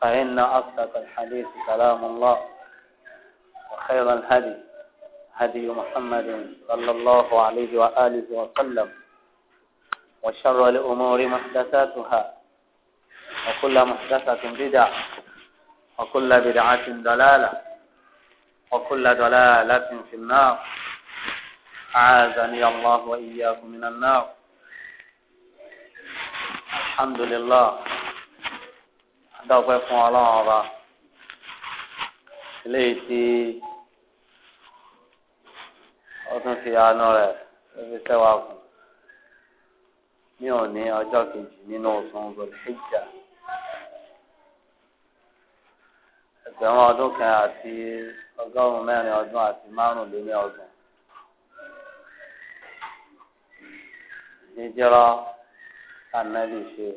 فإن أصدق الحديث كلام الله وخير الهدي هدي محمد صلى الله عليه وآله وسلم وشر الأمور محدثاتها وكل محدثة بدعة وكل بدعة دلالة وكل دلالة في النار أعاذني الله وإياكم من النار الحمد لله dọ́pẹ́ fún ọlọ́run ọba eléyìí tí ó tún fi àánú rẹ̀ ó fi sẹ́wà kù ní òní ọjọ́ kejì nínú oṣù Dhul-Hijjah ẹgbẹ̀rún ọdún kan àti ọgọ́rùn-ún mẹ́rin ọdún àti márùnléní ọgbọ̀n jíjẹ́rọ́ ànábì ṣe.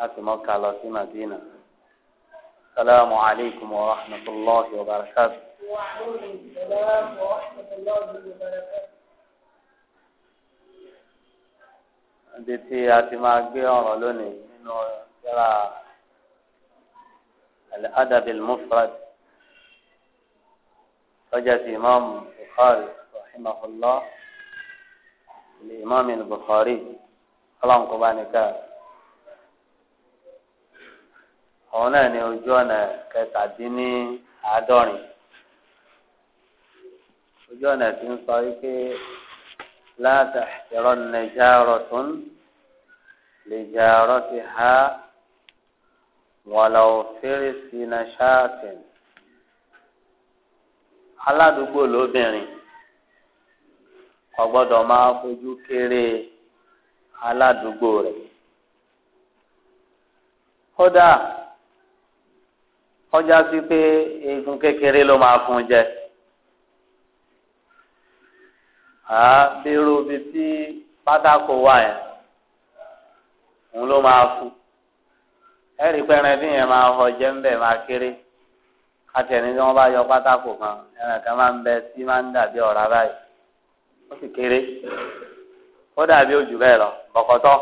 láti mọ́kà lọ sí madina. السلام عليكم ورحمة الله وبركاته وعليكم السلام ورحمة الله وبركاته ibi tí a ti máa gbé ọ̀rọ̀ lónìí nínú yàrá al-adabil mufrad tọ́jà sí imam bukhari rahimahullah ilé imam bukhari ọlọ́run kò bá nìkan. òun náà ni ojú ọ̀nà kẹtàdínní àádọ́rin ojú ọ̀nà tí ń sọ wípé láti ẹ̀rọ nàìjíríà tún lè jẹ́ ẹ̀rọ ha wọn lọ sí iná ṣáàtìn aládùúgbò lóbìnrin kò máa fojú kéré aládùúgbò kọjá sí pé eegun kékeré ló máa fún jẹ àá bírú ibi tí pátákó wà yẹn òun ló máa fún ẹrí pẹrẹ bí yẹn máa họ jẹ ńbẹ máa kéré àti ẹni tí wọn bá yọ pátákó kan ẹran kan máa ń bẹ tí máa ń dàbí ọ̀rá báyìí ó sì kéré ó dàbí ojú bẹ́ẹ̀ lọ bọ̀kọ̀tọ̀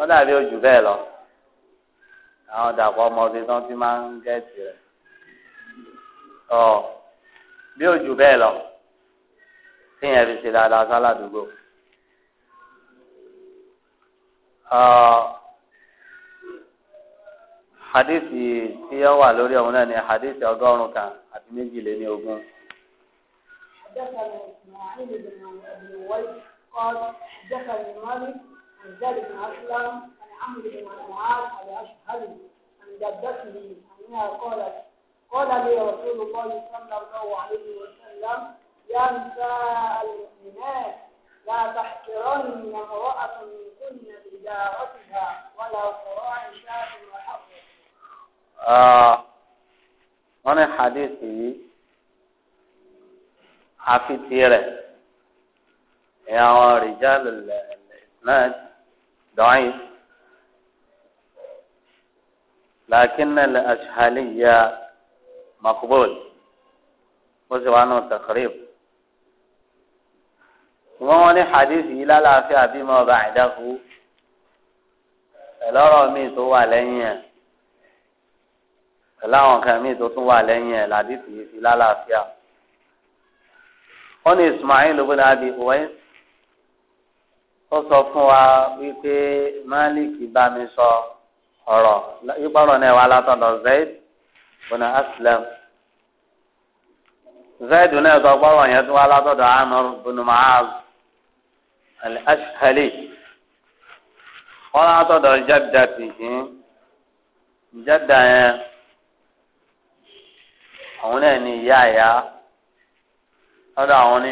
ó dàbí ojú bẹ́ẹ̀ lọ. àwọn dàpọ̀ ọmọdé tán ti máa ń gẹ̀ẹ́tì rẹ̀ ọ bí òjò bẹ́ẹ̀ lọ tíyẹn fi ṣe dáadáa sáládùúgbò hadithi tí ó wà lórí ọ̀hún náà ni hadithi ọgọ́rùn-ún kan àti méjìléní ogún. حدثنا إسماعيل بن أبي ويس قال حدثني مالك عن زيد بن أسلم عمرو بن معاذ الاشهلي عن جدته انها قالت قال لي رسول الله صلى الله عليه وسلم يا نساء المؤمنات لا تحقرن امرأة من منكن بجارتها ولا قراء شاب وحفظ. آه. أنا حديثي àfi tirẹ̀ ẹ̀ àwọn rìjálù ìsnáàdì dọ́yìn لكن الأشهالية مقبول وزوانه تقريب ومن حديث إلى العافية بما بعده ẹlọ́rọ̀ míì tó wà lẹ́yìn ẹ̀ pẹ̀lú àwọn kan míì tó tún wà lẹ́yìn ẹ̀ làdìsí yìí fi lálàáfíà. wọ́n ní Ismail ibn Abi Uwais ó sọ fún wa wípé Malik bá mi sọ. So ọ̀rọ̀ ìpọ̀rọ̀ náà wà látọ̀dọ̀ Zaid na Aslam Zaid náà sọ pọ̀rọ̀ yẹn tó wà látọ̀dọ̀ Amr bùnà Ma'az al-Ashhali wọ́n látọ̀dọ̀ jádà tìhí jádà yẹn àwọn náà ní ìyá ìyá àwọn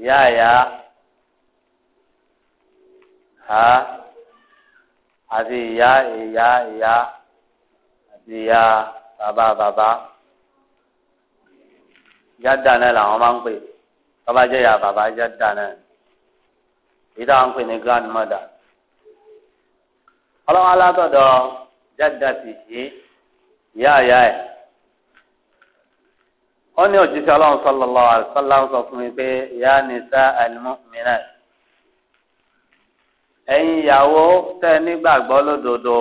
ìyá ìyá ha. àti ìyá ìyá ìyá àti ìyá bàbá bàbá jádà náà làwọn máa ń pè bàbá jẹ́ ìyá bàbá jádà náà èyí táwọn ń pè ní grandmother ọlọ́wọ́n alátọ̀dọ̀ jádà sì ṣe ìyá ìyá ẹ̀ wọ́n ní òjíṣẹ́ ọlọ́run sallallahu alaihi wasallam sọ fún mi pé ya nisa al-mu'minat ẹ̀yin ìyàwó tẹ́ nígbàgbọ́ lódodo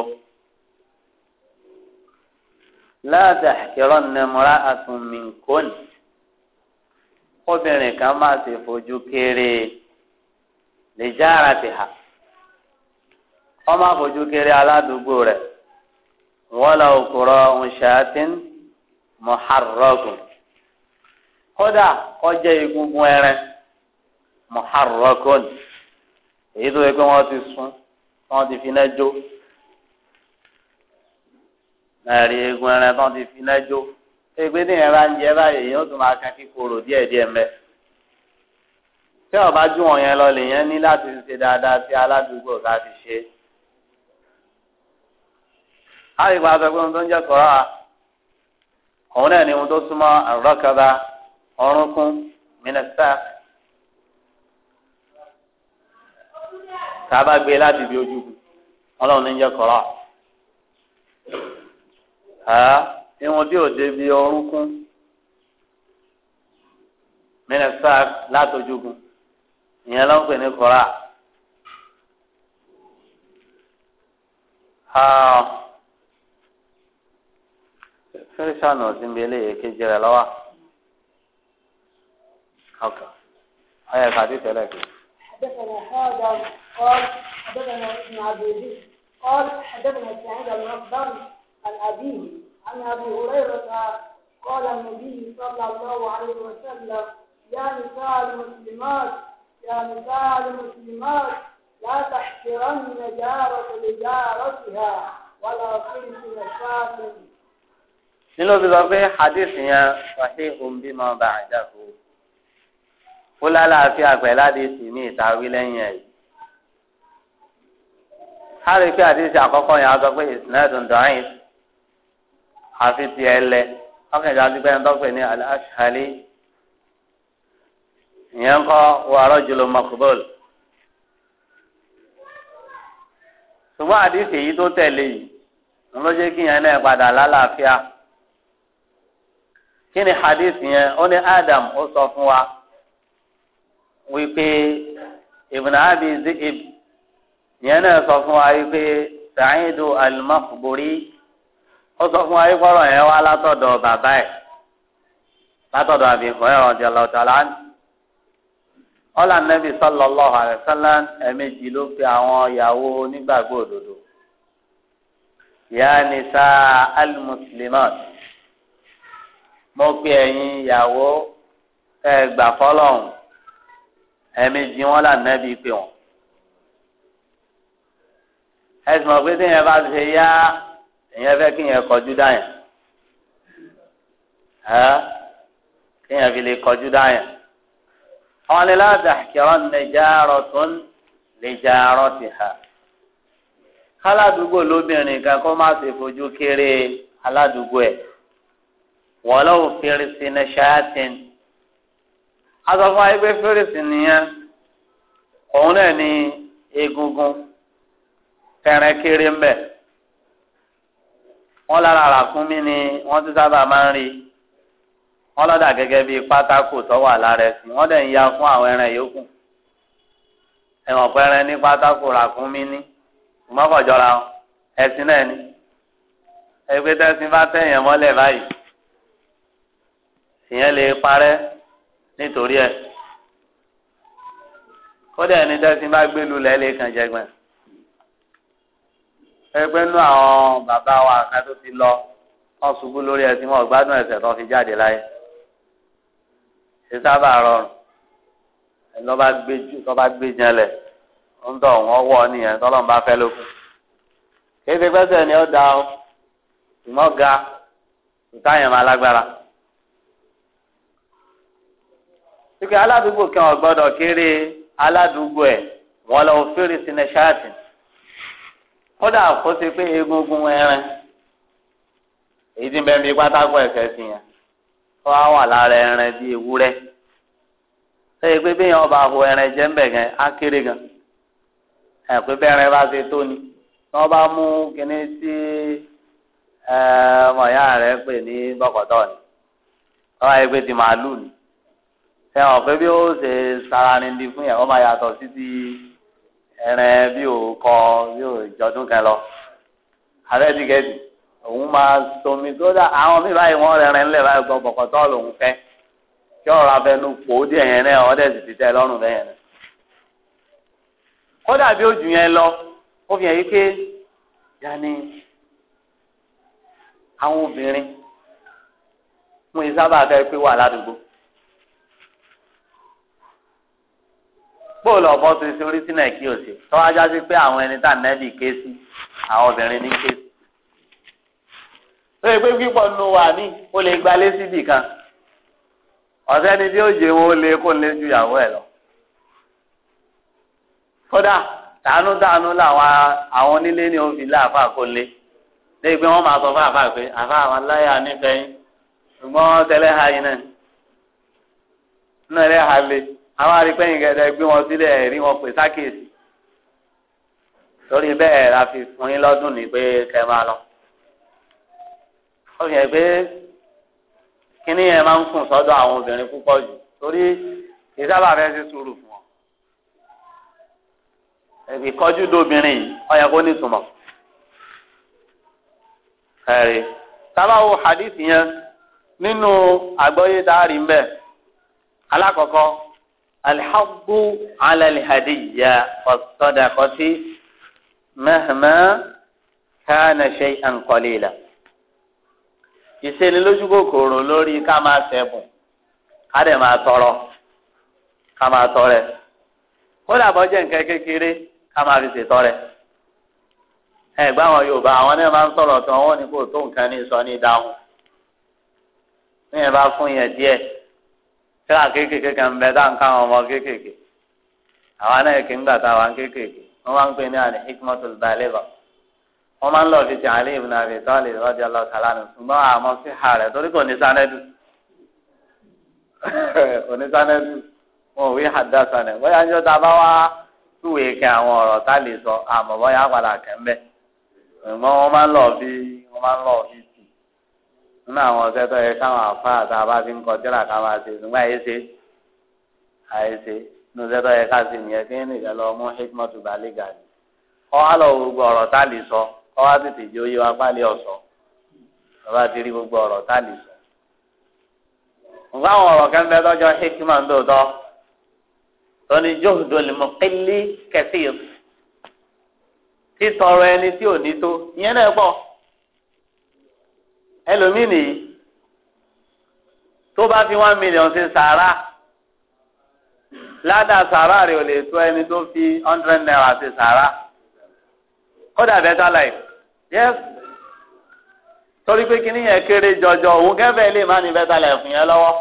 láàdà kẹrọ nẹmúra àtúnmíkóni obìnrin kan máa ṣe fojú kéré lè já ara ti hà wọ́n máa fojú kéré aládùúgbò rẹ̀ wọ́n lọ òkúrọ̀ ọ̀húnṣàtìn mọ̀hárọ́gùn kódà kọjá egungun ẹran mọ̀hárọ́gùn èyí tó yẹ pé wọ́n ti sun wọ́n ti fi iná jó ẹ̀rí egun ẹran tó ti fi iná jó ẹgbẹ́ ní ẹran ń jẹ báyìí èyí ó tún máa kan kíkorò díẹ̀díẹ̀ mẹ́ tẹ́ ọ bá jù wọ̀nyẹn lọ lèyẹn ní láti ṣe dáadáa sí aládùúgbò ká ṣe é láti gba pé ohun tó ń jẹ́ sọ́ra òun náà ni ohun tó súnmọ́ àrùrọ́kọ̀dá ọ̀rúnkún mínísítà tàbá gbé láti bí ojú ọlọ́run ní jẹ́ kọ́ra ìwọ̀n tí ò débi orúnkún mínísítà látọjúgun ìyẹn ló ń pè ní kọ́ra. kírísítánù ọ̀sìn bíi eléyìí kejì rẹ̀ lọ́wọ́ ọ̀yẹ̀ká ti tẹ̀lé kejì. حدثنا حاضر قال حدثنا ابن عبد قال حدثنا سعيد بن مصدر عن أبيه عن أبي هريرة قال النبي صلى الله عليه وسلم يا نساء المسلمات يا نساء المسلمات لا تحقرن جارة لجارتها ولا قلت مشاكل. nínú bí wọ́n pé صحيح بما بعده. ó lálàáfíà pẹ̀lú àdéhùn ní ìtawí lẹ́yìn ẹ̀. a rí pé àdéhùn àkọ́kọ́ yẹn a sọ pé ìsìnẹ́dùn dọ́rin àfi tiẹ̀ lẹ ọkàn ìjà dúpẹ́ ní tọ́pẹ́ ní aláṣàlẹ́ ìyẹn ń kọ́ wàrọ̀ jùlọ mọ̀kúbọ̀l. ṣùgbọ́n àdéhùn èyí tó tẹ̀lé yìí ló jẹ́ kí yẹn náà padà lálàáfíà kí ni hadith yẹn ó ní Adam ó sọ fún wa wípé ibùdó àbí zikib yẹn náà sọ fún wa wípé sàáyédù alimọ́kùbórí ó sọ fún wa wípé ọ̀rọ̀ yẹn wá látọ̀dọ̀ bàbá ẹ̀ látọ̀dọ̀ àbí ìfọ̀yọ̀ ọ̀dẹ̀ lọ́tọ̀lá ọ̀là nẹ́bí sallallahu alaihi wasallam ẹ̀mejì ló fi àwọn ìyàwó onígbàgbọ́ òdodo ya nisa almuslimat mo pe ẹ̀yin ìyàwó ẹ gbà ẹ̀ẹ̀mejì wọn là nẹ́bi pé wọn. ẹ̀sìn mọ̀ pé téèyàn bá ṣe yá èèyàn fẹ́ kéèyàn kọjú dáyàn ẹ̀ kéèyàn fi lè kọjú dáyàn. àwọn ilé ládàá kìrọ̀ nìjàrọ̀ tó ń lè jàrọ̀ ti hà. káládùúgbò lóbìnrin kan kó má ṣe fojú kéré aládùúgbò ẹ̀ wọ́n lọ́wọ́ fèrèsé ní azọ fún ayé pé nìyẹn òun náà ní egungun kẹrẹkẹrẹ ń bẹ wọn lára mi ni wọn ti sábà máa ń rí wọn lọdà gẹ́gẹ́ bíi pátákó tó wà lára dẹ̀ ń ya fún àwọn ẹran yòókù ẹwọn pẹrẹ ní pátákó ní ẹsìn náà ni ẹgbẹ bá báyìí ìyẹn lè nítorí ẹ kódà ẹni dẹ́sí bá gbé lulẹ̀ lè kàn jẹgbẹ́ ẹgbẹ́ nú àwọn bàbá wa kan tó ti lọ wọ́n ṣubú lórí ẹsìn wọn gbádùn ẹsẹ̀ tó fi jáde láyé ṣe sábà rọrùn ẹni tó bá gbé tó bá gbé jẹlẹ̀ ń tọ̀ wọ́n wọ̀ nìyẹn tọ́lọ́n bá fẹ́ lókun kéde pẹ́sẹ̀ ni ó da ọ ìmọ̀ ga ìtayẹ̀mọ̀ alágbára. pípẹ́ aládùúgbò kan ò gbọ́dọ̀ kéré aládùúgbò ẹ̀ wọ́n lọ fèrè sínú ṣáàtì kódà kó ṣe pé egungun ẹran èyí tí ń bẹ́ẹ̀ bí pátákó ẹ̀fẹ́ sí yẹn kó wá wà lára ẹran bí ewúrẹ́ sẹ́yìn pé bẹ́ẹ̀ ọba àhó ẹran jẹ́ ń bẹ̀ gan á kéré gan ẹ̀ pé bẹ́ẹ̀ ẹran bá ṣe tó ni tí wọ́n bá mú kinní sí ọmọ ìyá rẹ̀ pè ní bọ́kọ̀tọ̀ ni wọ́n wáyé pé ti màálù ni ẹ pé bí ó ṣe sara ni di fún yẹn ó máa yàtọ̀ sí ti ẹrẹ bí ò kọ bí ò jọdún kan lọ ààrẹ ti gẹ̀ẹ́sì òun máa somi tó dá àwọn míì báyìí wọ́n rẹrin ńlẹ̀ báyìí gbọ́ bọ̀kọ̀tọ́ lòun fẹ́ kí ọ̀rọ̀ abẹnú pò ó díẹ̀ yẹn náà ọ̀dẹ̀ sì ti tẹ́ lọ́rùn bẹ́ẹ̀ yẹn kódà bí ó jù yẹn lọ ó fi hàn yí pé yanni àwọn obìnrin mo ì sábà pé wà ládùúgbò. bóòlù ọ̀bọ ti ṣe orí sínú ẹ̀kí òsè tọ́wájá sí pé àwọn ẹni tá nẹ́bì ké sí àwọn obìnrin ní ké sí. lóye pé pípọ̀ nù wà ní o lè gbalé síbì kan ọ̀sẹ́ ni tí ó jẹ wo lè kó lè ju ìyàwó ẹ̀ lọ. kódà tàánútàánú làwọn àwọn onílé ní òfin láàfáà kó lé lóye pé wọ́n máa sọ fún àfáà pé àfáà àwọn aláya nífẹ̀ẹ́ yín ṣùgbọ́n tẹ́lẹ̀ ha yín náà náà rẹ̀ ha lé àwọn arìpẹ́yìn gẹ̀dẹ̀ gbé wọn sílẹ̀ ẹ̀rí wọn pè sákèsì torí bẹ́ẹ̀ la fi fún yín lọ́dún ní pé kẹ́ máa lọ. ó yẹ pé kínní yẹn máa ń kùn sọ́dọ̀ àwọn obìnrin púpọ̀ jù torí ìsábà fẹ́ sí sùúrù fún wọn. ìkọjú dobìnrin yìí ó yẹ kó nítumọ̀. ẹ̀rí sábàwò hadith yẹn nínú àgbọ́yé dárí ń bẹ̀ alákọ̀ọ́kọ́. الحظ على الهدية والصدقة مهما كان شيئا قليلا ìṣenilójú kòkòrò lórí ká máa ṣẹ̀bùn ká dẹ̀ máa tọrọ ká máa tọrẹ kódà bọ́ jẹ́ nǹkan kékeré ká máa fi ṣètọrẹ ẹ̀gbọ́n àwọn Yorùbá àwọn náà máa ń sọ̀rọ̀ tí wọ́n ní kò tó nǹkan ní sọ ní ìdáhùn ní ẹ̀ bá fún yẹn díẹ̀ kíra kéékèèké kan bẹ tá à ń ká àwọn ọmọ kéékèèké àwa náà kì í gbà tá àwa ń kéékèèké wọn máa ń pè ní àná hikmatul baleba wọn máa ń lọ fi ti Ali ibn Abi Talib rọjò lọ sàlánù ṣùgbọ́n àmọ́ sí ha rẹ̀ torí kò ní sanẹ́dù òní sanẹ́dù wọn ò wí hàdá sanẹ bóyá ń jọ tá a bá wá túwèé kẹ àwọn ọ̀rọ̀ tá a lè sọ àmọ́ bóyá padà kẹ́ ń bẹ́ ṣùgbọ́n wọn máa ń lọ fi wọn máa ń lọ fi nínú àwọn ọ̀sẹ̀ tó yẹ káwọn àfa àti àbá ti ń kọ tíra ká máa ṣe ṣùgbọ́n àyè ṣe àyè ṣe nínú ọ̀sẹ̀ tó yẹ ká ṣe nìyẹn kí nìkan lọ mú hikmatu baliga ni kọ́ wá lọ gbogbo ọ̀rọ̀ tá a lè sọ kọ́ wá tètè jẹ́ oyé wa pálí ọ̀sọ́ bàbá ti rí gbogbo ọ̀rọ̀ tá a lè sọ. nǹkan àwọn ọ̀rọ̀ kẹ́ńtẹ́ tọ́jọ́ hikima ń dòótọ́ ní ẹlòmíì nìyí tó bá fi one million ṣe sàárà ládà sàárà rẹ̀ ò lè tó ẹni tó fi hundred naira ṣe sàárà kódà better life yes torí pé kíní yẹn kéré jọjọ òun kẹfẹ lè má ní better life fún yẹn lọ́wọ́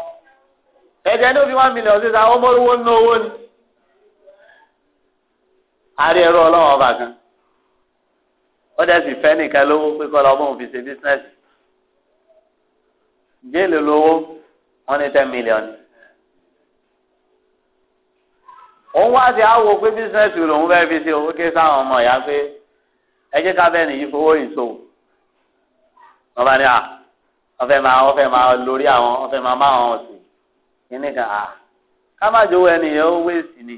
ẹjẹ tó fi one million ṣe sàárà ó mọrúwó ní owó ni àárẹ̀ ẹ̀rọ ọlọ́wọ́ ọba kan ó dẹ̀ sì fẹ́ nìkan lówó pé kọ́ lọ́mọ́ òun ṣe business jẹ́ẹ̀lì lówó wọ́n ní ten million. òun wá sí àwọ̀ pé bísíǹsì lòun fẹ́ fi ṣe owó ké sáwọn ọmọ ìyá pé ẹ jẹ́ ká bẹ́ẹ̀ nìyí fowó ìṣòwò. wọ́n bá ní à wọ́n fẹ́ máa wọ́n fẹ́ máa lórí àwọn wọ́n fẹ́ máa má àwọn ọ̀sìn kíní kan à ká má jowó ẹnìyẹn ó wéèsì ni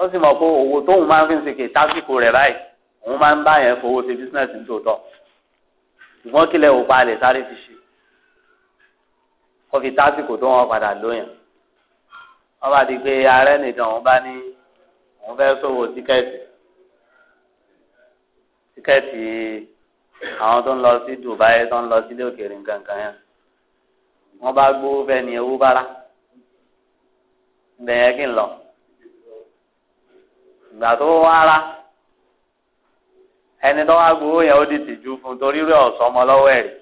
ó sì mọ̀ pé owó tóun máa fi ń ṣe kè tásìkò rẹ̀ báyìí òun máa ń bá yẹn fowó ṣe bísíǹsì nítòótọ́ ṣùgbọ́n kílẹ̀ òpa lè sáré fi ṣe kó fi tásìkò tó wọn padà lóyún wọn bá di pé ààrẹ nìkan òun bá ní òun fẹ́ ṣòwò tíkẹ́ẹ̀tì tíkẹ́ẹ̀tì àwọn tó ń lọ sí Dubai tó ń lọ sílé òkèèrè nǹkan kan yẹn wọn bá gbówó fẹ́ ní ewu bára ibẹ̀ yẹn kí n lọ ìgbà tó wá ra ẹni tó wá gbowó yẹn ó di tìjú fún torí rẹ̀ ọ̀sán ọmọ lọ́wọ́ ẹ̀rí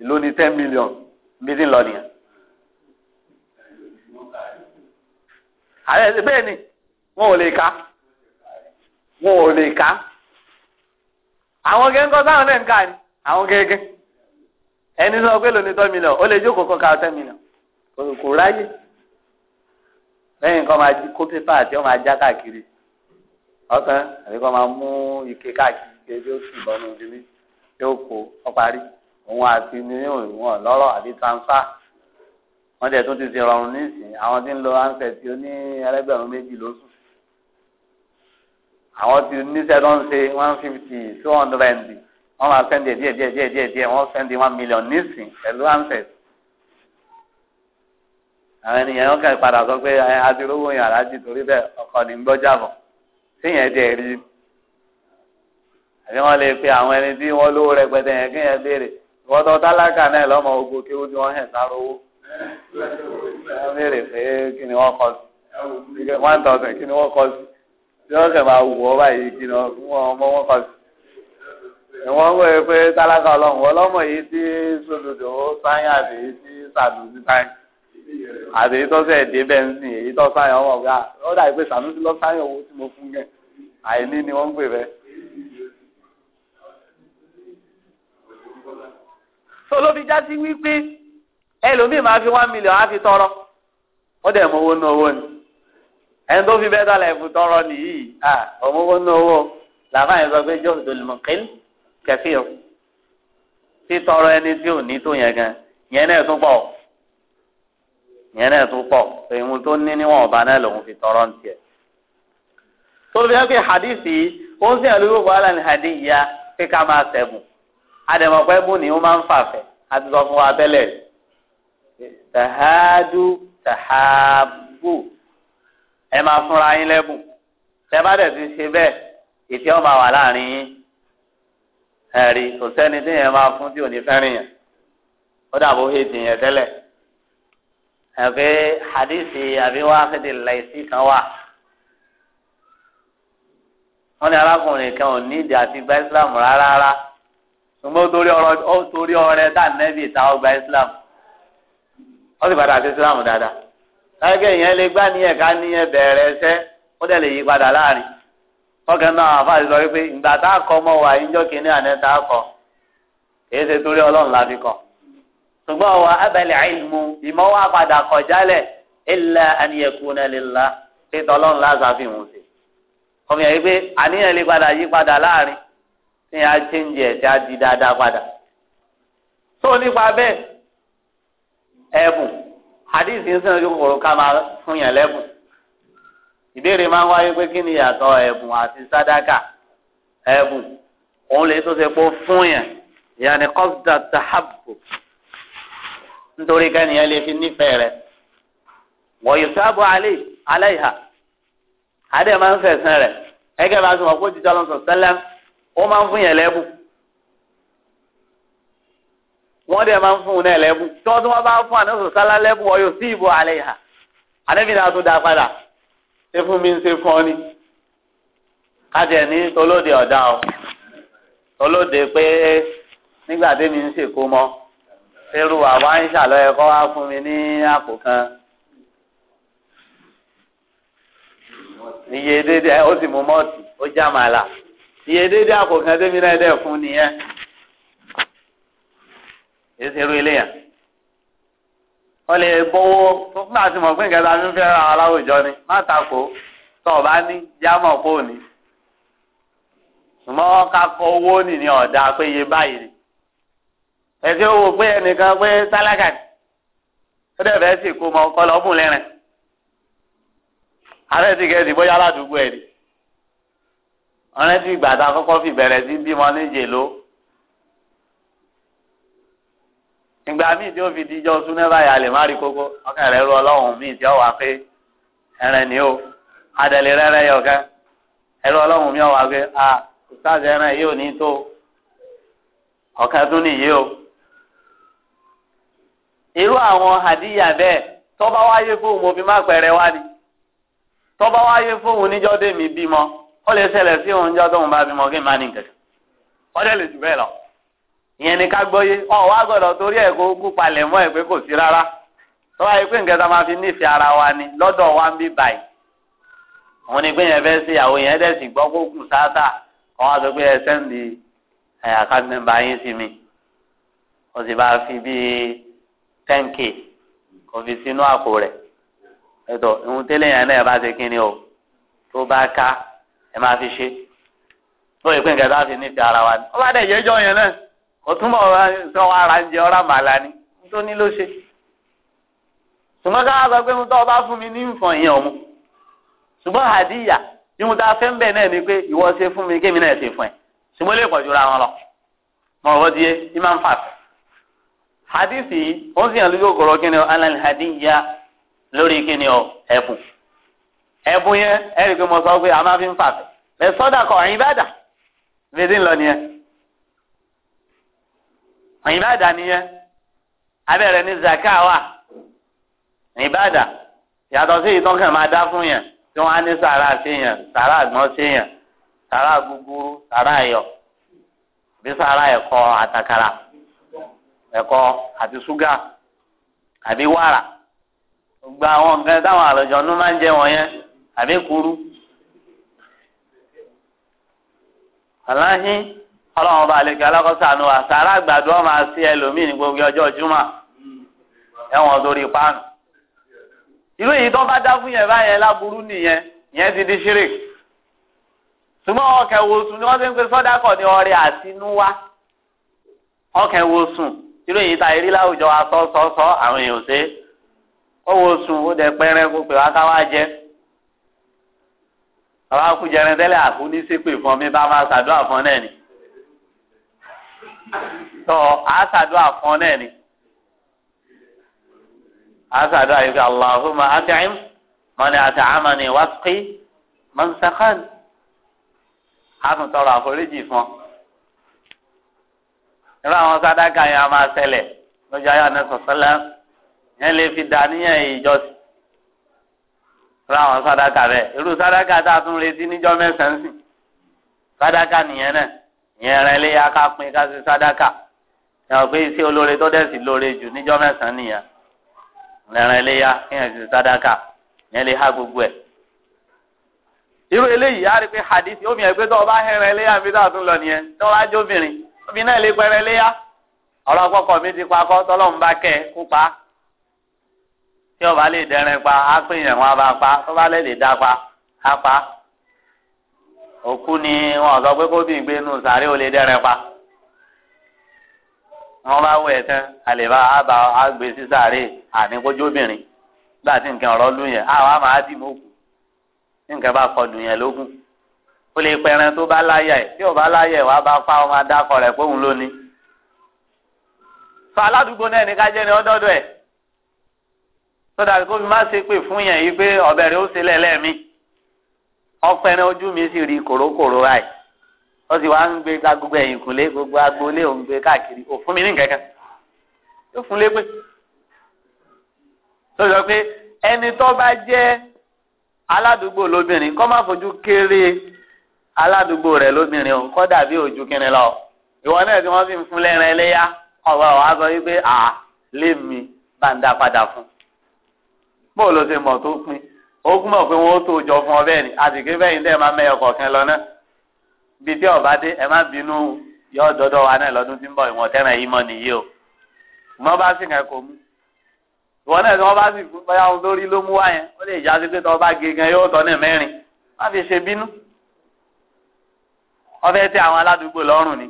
ìlú ní ten million bí ti lọ nìyẹn. ààrẹ bẹ́ẹ̀ ni wọn ò lè ka wọn ò lè ka àwọn gẹ́gẹ́ sáwọn náà ń kà ní àwọn gẹ́gẹ́ ẹni sọ pé lóní ten million ó lè jókòó kọ́ ka ten million kò ráyè lẹ́yìn kọ́ máa kó pépà àti ọ́ máa já káàkiri ọ̀sán àbí máa mú ike káàkiri ike tí ó sì bọ́nu ìdílé yóò kó ọ parí òun àti mílíọ̀nù wọn lọ́rọ̀ àbí transfer wọ́n dẹ̀ tún ti ti rọrùn nísìnyí àwọn tí ń lo handset tí ó ní ẹlẹ́gbẹ̀rún méjì lóṣù àwọn tí oníṣẹ́ tó ń ṣe one fifty two hundred wọ́n máa sẹ́ndì díẹ̀ díẹ̀ díẹ̀ díẹ̀ díẹ̀ wọ́n sẹ́ndì one million nísìn pẹ̀lú handset àwọn ènìyàn yóò kẹ́ padà sọ pé àti rówó yàn aláàjì torí bẹ́ẹ̀ ọkọ̀ ní gbọ́jà síyẹn dẹ̀ rí àbí wọ́n lè pe àwọn ẹni tí wọ́n lówó rẹpẹtẹ yẹn kéèyàn béèrè wọ́n tọ́ tálákà náà lọ́mọ ogun kí ó ní wọ́n hẹ̀ sáré owó wọ́n béèrè pé kí ni wọ́n kọ sí one thousand kí ni wọ́n kọ sí tí wọ́n kẹ̀ máa wù ọ́ báyìí kí ni wọ́n kọ sí. ìwọ́n wọ̀ ẹ́ pé tálákà ọlọ́run ọlọ́mọ yìí tí sódòdò sáyẹn àti èyí tí sáyẹn àti tó sẹ̀ dé bẹ́ẹ̀ ń sìn tó sáyẹn ọmọ ọ̀gá ó dà pé sànúsí lọ sáyẹn owó tí mo fún gẹ̀ àìní ni wọ́n ń pè bẹ́ẹ̀. tó ló fi já sí wípé ẹlòmíì máa fi one million á fi tọrọ ó dẹ̀ mọ owó ná owó ni ẹni tó fi bẹ́tà láìfù tọrọ nìyí à ọmọ owó ná owó làwọn àyẹ̀ sọ pé jọ́sì dolùmọ̀kẹ́lì kẹfì o títọrọ ẹni tí ò ní tó yẹn gan yẹn náà tún pọ̀ yẹn náà tún pọ̀ èyí tó ní níwọ̀n ọba náà lòun fi tọrọ ní tiẹ̀ tó ló hadith yìí ó ń sìn àlùkò wàhálà ní hadith yìí yá pé ká máa sẹ́gun àdèmọ̀pẹ́ bù ni ó máa ń fàfẹ́ àti sọ fún wa tẹ́lẹ̀ tàhádù tàhábù ẹ máa fúnra yín lẹ́bùn tẹ́ bá dẹ̀ ti ṣe bẹ́ẹ̀ ìfẹ́ ọ̀ma wà láàrin yín ẹ̀rí kò sẹ́ni tí yẹn máa fún tí ò ní fẹ́ràn yẹn ó dàbò hejì yẹn tẹ́lẹ̀ ẹ̀fẹ́ hadisi àbíwá fẹ́tẹ̀ láìsí kan wà wọ́n ní arákùnrin kan ò ní ìdí àti gba Islam rárá rárá. ṣùgbọ́n torí ọ̀rọ̀ ó torí ọ̀rẹ́ tá nẹ́bì ta ọgbà islam Ọ sì padà islam dáadáa káàkiri ìyẹn lè gbá ka ká níyẹn bẹ̀rẹ̀ ẹsẹ́ ó dẹ̀ lè yí padà láàrin fọ́kàn náà sọ a kọ́ ọmọ wa ìjọ kìíní àná tá a kọ́ kìí ṣe torí la fi kọ́ ṣùgbọ́n wa illa an yakuna lillah ní a chẹ́ǹjì ẹ̀ tí a di dáadáa padà. tó nípa bẹ́ẹ̀ ẹ̀bùn àdìsí ń ká máa fún yẹn lẹ́bùn. ìbéèrè máa ń wáyé pé kí ni ẹ̀bùn àti sádàkà ẹ̀bùn òun lè tó ṣe fún yẹn nítorí kẹ́niyàn lè fi nífẹ̀ẹ́ rẹ̀ wọ̀nyí sábọ̀ alẹ́ aláìhà adé sọ kó jíjọ́ lọ́sọ̀ wọ́n máa ń fún yẹn lẹ́bù wọ́n dẹ̀ máa ń fún un náà lẹ́bù tí wọ́n tún wọ́n bá fún ànáṣọ sálá lẹ́bù ọyọ sí ìbò alẹ́ yà ànábì náà tún dá padà ṣé fún mi ń ṣe fún ọ ni kájẹ ní tolóde ọ̀dà o tolóde pé nígbà tẹ́mi ń ṣèkó mọ́ irú àwa ń ṣàlọ́yẹ kọ́ wá fún mi ní àpò kan iye déédéé ó sì mú mọ́ọ̀tì ó já màlà. iye déédéé àpò tẹ́mi náà dẹ̀ fún nìyẹn èsì irú ilé yẹn wọ́n lè bọ́wọ́ tó fún àti mọ̀ pé nǹkan tá a fi ń fẹ́ ra aláwùjọ ni má bá ní jámọ̀ ṣùgbọ́n ká kọ owó nì ní ọ̀dà pé iye báyìí owó pé ẹnìkan ọ̀rẹ́ tí ìgbà tá a kọ́kọ́ fi bẹ̀rẹ̀ sí bímọ níjè ló ìgbà míì tí ó fi díjọ súnẹ́ báyà lè má rí kókó ọkàn rẹ̀ ru ọlọ́run míì tí ó wà pé ẹrẹ̀ ni ó adẹ̀lẹ̀ rẹ́rẹ́ yọ kẹ́ ẹrú ọlọ́run mi ó wà pé a ìsáàsì ẹran yìí ò ní tó ọ̀kan tún nìyí o. irú àwọn àdíyà bẹ́ẹ̀ tọ́ba wáyé fóun mo fi má pẹ̀rẹ̀ wá ni tọ́ba wáyé fóun níjọ́ dèmi bímọ ó lè ṣẹlẹ̀ sí òun jọ́ tóun bá bímọ kí n má ní nǹkan ó dẹ̀ lè jù bẹ́ẹ̀ lọ ìyẹn ni ká gbọ́yé ọ̀ wá gbọ́dọ̀ torí ẹ̀ kó kú palẹ̀ mọ́ ẹ̀ pé kò sí rárá tó bá pé nǹkan tá máa fi nífẹ̀ẹ́ ara wa ni lọ́dọ̀ wa ń bí báyìí òun ni pé yẹn fẹ́ ṣe àwọn èèyàn dẹ̀ sì gbọ́ kó kù sáátà kọ́ wá sọ pé ẹ sẹ́ndì àkáǹtì nọ́mbà yín sí mi ó sì bá fi bíi ten k kò fi sínú àpò rẹ̀ ẹ̀tọ́ ìhun tẹ́lẹ̀ yẹn náà bá ṣe kí ẹ máa fi ṣe lórí ìpín kẹta fi nífẹ̀ẹ́ ara wa ni ọba dẹ̀ yẹjọ́ yẹn náà ọtúnbọ̀ sọ ara ń jẹ ọ̀rá màlá ni tó ní ló ṣe ṣùgbọ́n ká sọ pé mo tọ́ ọba fún mi ní nǹkan yẹn ọ̀mú ṣùgbọ́n àdìyà bí mo ta fẹ́ ń bẹ̀ náà ni pé ìwọ ṣe fún mi kémi náà ṣe fún ẹ ṣùgbọ́n lè pọ̀jù ra wọn lọ mọ̀ ọ́ di yé imam fat hadisi ó sì hàn lójú òkòrò kí ni ọ alẹ́ hadìyà lórí kí ni ọ ẹ̀bùn. ẹ̀bùn yẹn ẹ̀rí pé mo sọ pé a máa fi ń fàfẹ́ ẹ̀ sọ́dà kọ̀ ọ̀yìn bàdà bèbí ńlọ nìyẹn ọ̀yìn bàdà nìyẹn abẹ́rẹ́ ní zaka wà sí ìtàn kan máa dá fún yẹn tí wọ́n á ní sàrà sí yẹn sàrà sí yẹn sàrà gbogbo sàrà bí sàrà àtàkàrà àti ṣúgà àbí wàrà gbogbo àwọn àbí kuru aláhìn ọlọrun ọba àlejò alákọ̀ọ́sọ àánú wa sàrà àgbàdo ọmọ àti ẹlòmíì ní gbogbo ọjọ Juma ẹwọn lórí páànù. irú èyí tó bá dá fún yẹn báyẹn láburú nìyẹn yẹn ti di ṣírìkì. ṣùgbọ́n ọkẹ́ wo sùn ni wọ́n ti ń pe ní ọrẹ àtinúwá. wo sùn irú èyí tá a rí láwùjọ wa àwọn èèyàn ṣe àwọn akújẹrin tẹ́lẹ̀ àkú ní sípè fún mi bá máa ṣàdúrà fún náà ni tọ́ a ṣàdúrà fún náà ni a ṣàdúrà yìí pé Allahumma at'im man at'amani wasqi man saqani a tún tọrọ àforíjì fún ọ irú àwọn sádàkà yẹn a máa ṣẹlẹ̀ lọ́jọ́ ayé àná sọ̀sọ́lá yẹn lè fi dàníyàn ìjọsìn ra àwọn sádàkà bẹ́ẹ̀ irú sádàkà tá a tún retí níjọ́ mẹ́sàn-án sì sádàkà nìyẹn náà ìyẹn rẹ lé ya ká pín ká ṣe sádàkà ẹ̀rọ pé iṣẹ́ olóore tó dẹ̀ sí lóore jù níjọ́ mẹ́sàn-án nìyẹn lẹ́rìn lé ya kíyàn ṣe sádàkà ìyẹn lè ha gbogbo ẹ̀. irú eléyìí á rí pé hadith omi ẹ̀ pé tó o bá hẹ̀rẹ̀ lé ya fi tó àtúntò nìyẹn tó o bá jóbìnrin obìnrin náà lè pẹ̀rẹ̀ lé ya ọ̀rọ̀ kọ́kọ́ mi ti pa kọ́ tọ́lọ́ tí ọba lè dẹrin pa á pè yẹn wọn bá pa tó bá lè lè dá pa á pa òkú ni wọn sọ pé kó bí ìgbé nù sàárè lè dẹrin pa wọn bá wẹ̀ ẹsẹ àlèbá àbá àgbè sí sàárè àníkójóbìnrin gbà tí nǹkan ọrọ lù á nǹkan bá yẹn lógún ó lè tó bá láyà ẹ tí láyà ẹ pa ọmọ adákọ rẹ pé òun sọ aládùúgbò náà ní ká sọdọ àgbo mi máa ṣe pé fún yẹn yìí pé ọbẹ̀ rẹ̀ ó ṣe lẹ́lẹ́mí ọpẹrin ojú mi sì rí kòrókòró ráì ó sì wá ń gbé ta gbogbo ẹ̀yìn kùnlé gbogbo agboolé òun gbé káàkiri ó fún mi ní kankan ó fún lépè tó sọ pé ẹni tó bá jẹ́ aládùúgbò lóbìnrin kó má fojú kéré aládùúgbò rẹ̀ lóbìnrin òun kó dàbí ojú kínní lọ ìwọ náà tí wọ́n fi ń fún lẹ́rìn ẹlẹ́yà ọ̀rọ̀ àwọn sọ wípé à lé mi bá ń dá padà fún un bóò ló ṣe mọ̀ tó pin ogún mọ̀ pé wọ́n ó tó jọ fún ọ bẹ́ẹ̀ ni àtìké bẹ́ẹ̀ ni dẹ́ máa mẹ́yọ kọ̀ọ̀kan lọ náà bí tí ọba dé ẹ má bínú yọ dọ́dọ̀ wa náà lọ́dún tí ń bọ̀ ìwọ̀n tẹ́ràn yìí mọ̀ nìyí o ìmọ̀ bá sì kàn kò mú ìwọ̀n náà tí wọ́n bá sì fún bóyá ohun lórí ló mú wá ó lè já sí pé tọ́ bá gan yóò tọ́ ní mẹ́rin má fi ṣe bínú ọbẹ̀ tí àwọn aládùúgbò lọ́rùn ni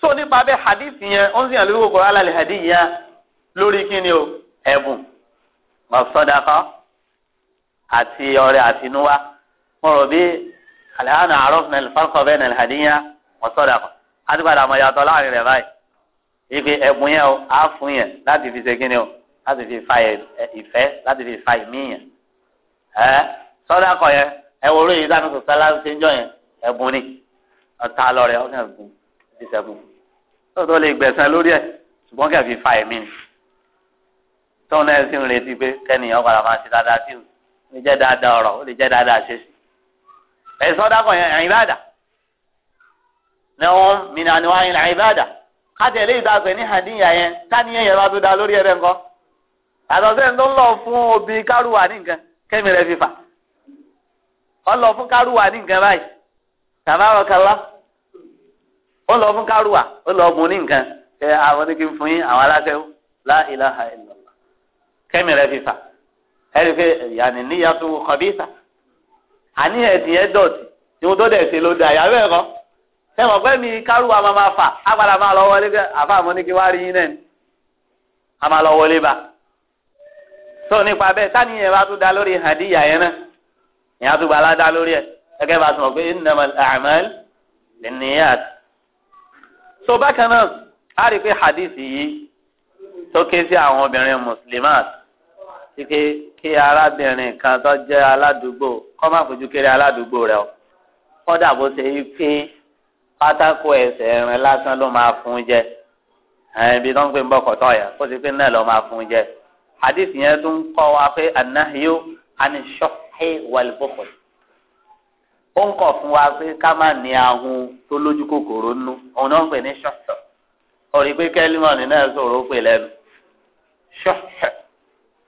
so nípa bẹ́ẹ̀ hadith yẹn ó ń sìn àlùkò kọ́ra mọ̀sọ́dákọ́ àti ọrẹ àtinúwá mo rò bí alihana arọ́fin alifarikọ bẹ́ẹ̀ ní alihadiya mọ̀sọ́dákọ́ adigbada mọ̀ yàtọ̀ láàrin rẹ̀ báyìí ibi ẹ̀bùn yẹn o á fún yẹn láti fi ṣe kíni o láti fi fa ìfẹ́ láti fi fa ìmí yẹn ẹ sọ́dákọ̀ yẹn ẹ wo orí yìí dáná sọ̀tà láti jọ yẹn ẹ̀bùn ni ọ̀tá lọ rẹ̀ ẹ̀bùn ti tó tó lè gbẹ̀sán lórí ẹ̀ ṣùgbọ́n kẹ́ fi fa ìmí ni. tóun náà sì ń retí pé kẹ́nìyàn padà máa ṣe dáadáa sí òun lè jẹ́ dáadáa ọ̀rọ̀ lè jẹ́ dáadáa ṣe sí. ẹ̀sán dákọ̀ yẹn àyìnbáàdà lẹ́wọ̀n mìíràn ni wọ́n àyìnbáàdà káàtì eléyìí tá a pè ní hàdíyà yẹn táníyàn yẹn bá tó da lórí ẹ̀rẹ́ nǹkan ń lọ fún ní nǹkan kẹ́mi rẹ̀ lọ fún ní nǹkan báyìí lọ fún ó lọ kẹ́mi rẹ fi fà ẹ̀rí pé eh, yàní níyàtú kọ̀bíìsà àníyàn ẹ̀sìn yẹn dọ̀tí ìwọ tó dẹ̀ ṣe ló dà yàrá ẹ̀kọ́ sẹ́wọ̀n pẹ́ mi kárùwà máa ma fà á padà máa lọ wọlé àfa àmọ́ ní kí wá rí yín náà ni a máa lọ wọlé bá tó nípa bẹ́ẹ̀ táníyàn bá tún dá lórí hàdíyà yẹn náà ìyá tó gbàlá dá lórí ẹ̀ gẹ́gẹ́ bá a pé innamal a'mal linniyat so bákan náà a rí pé hadith yìí tó ké sí àwọn obìnrin muslimat kíkẹ́ kí arábìnrin kan tó jẹ́ aládùúgbò kọ́ má fojú kéré aládùúgbò rẹ o kọ́dà bó ṣe ń fín pátákó ẹsẹ̀ ẹ̀rìn lásán ló máa fún jẹ ibi tó ń pè ń bọ̀ kọ̀tọ̀ yẹn kó ti pé náà ló máa fún jẹ àdìsí yẹn tó ń kọ́ wa pé anahiyó anisọ́hé wàlúbọ̀kọ̀ ó ń kọ̀ fún wa pé ká má ní ahun tó lójú kòkòrò nú òun náà ń pè ní ṣọ́ṣọ́ òrí pé kẹ́límọ̀nì náà sọ̀rọ̀ pè lẹ́nu ṣọ́ṣọ́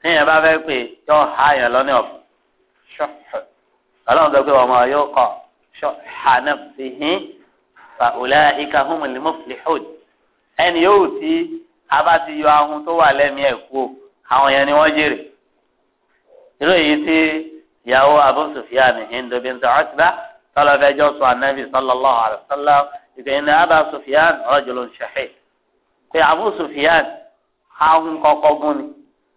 téèyàn bá fẹ́ pè yọ ha yẹn lọ́ní ọ̀fun ṣọ́ọ̀ṣọ́ ọlọ́run sọ pé ọmọ yóò kọ ṣọ́ọ̀ṣà náà fi hín fa ulaika humul muflihun ẹni yóò tí a bá ti yọ ahun tó wà lẹ́mìí ẹ̀ kú àwọn yẹn ni wọ́n jèrè irú èyí tí ìyàwó Abu Sufyan Hindu bint Utba sọ anabi sallallahu alayhi wa sallam ìgbẹ́yìn náà Abu Sufyan rajulun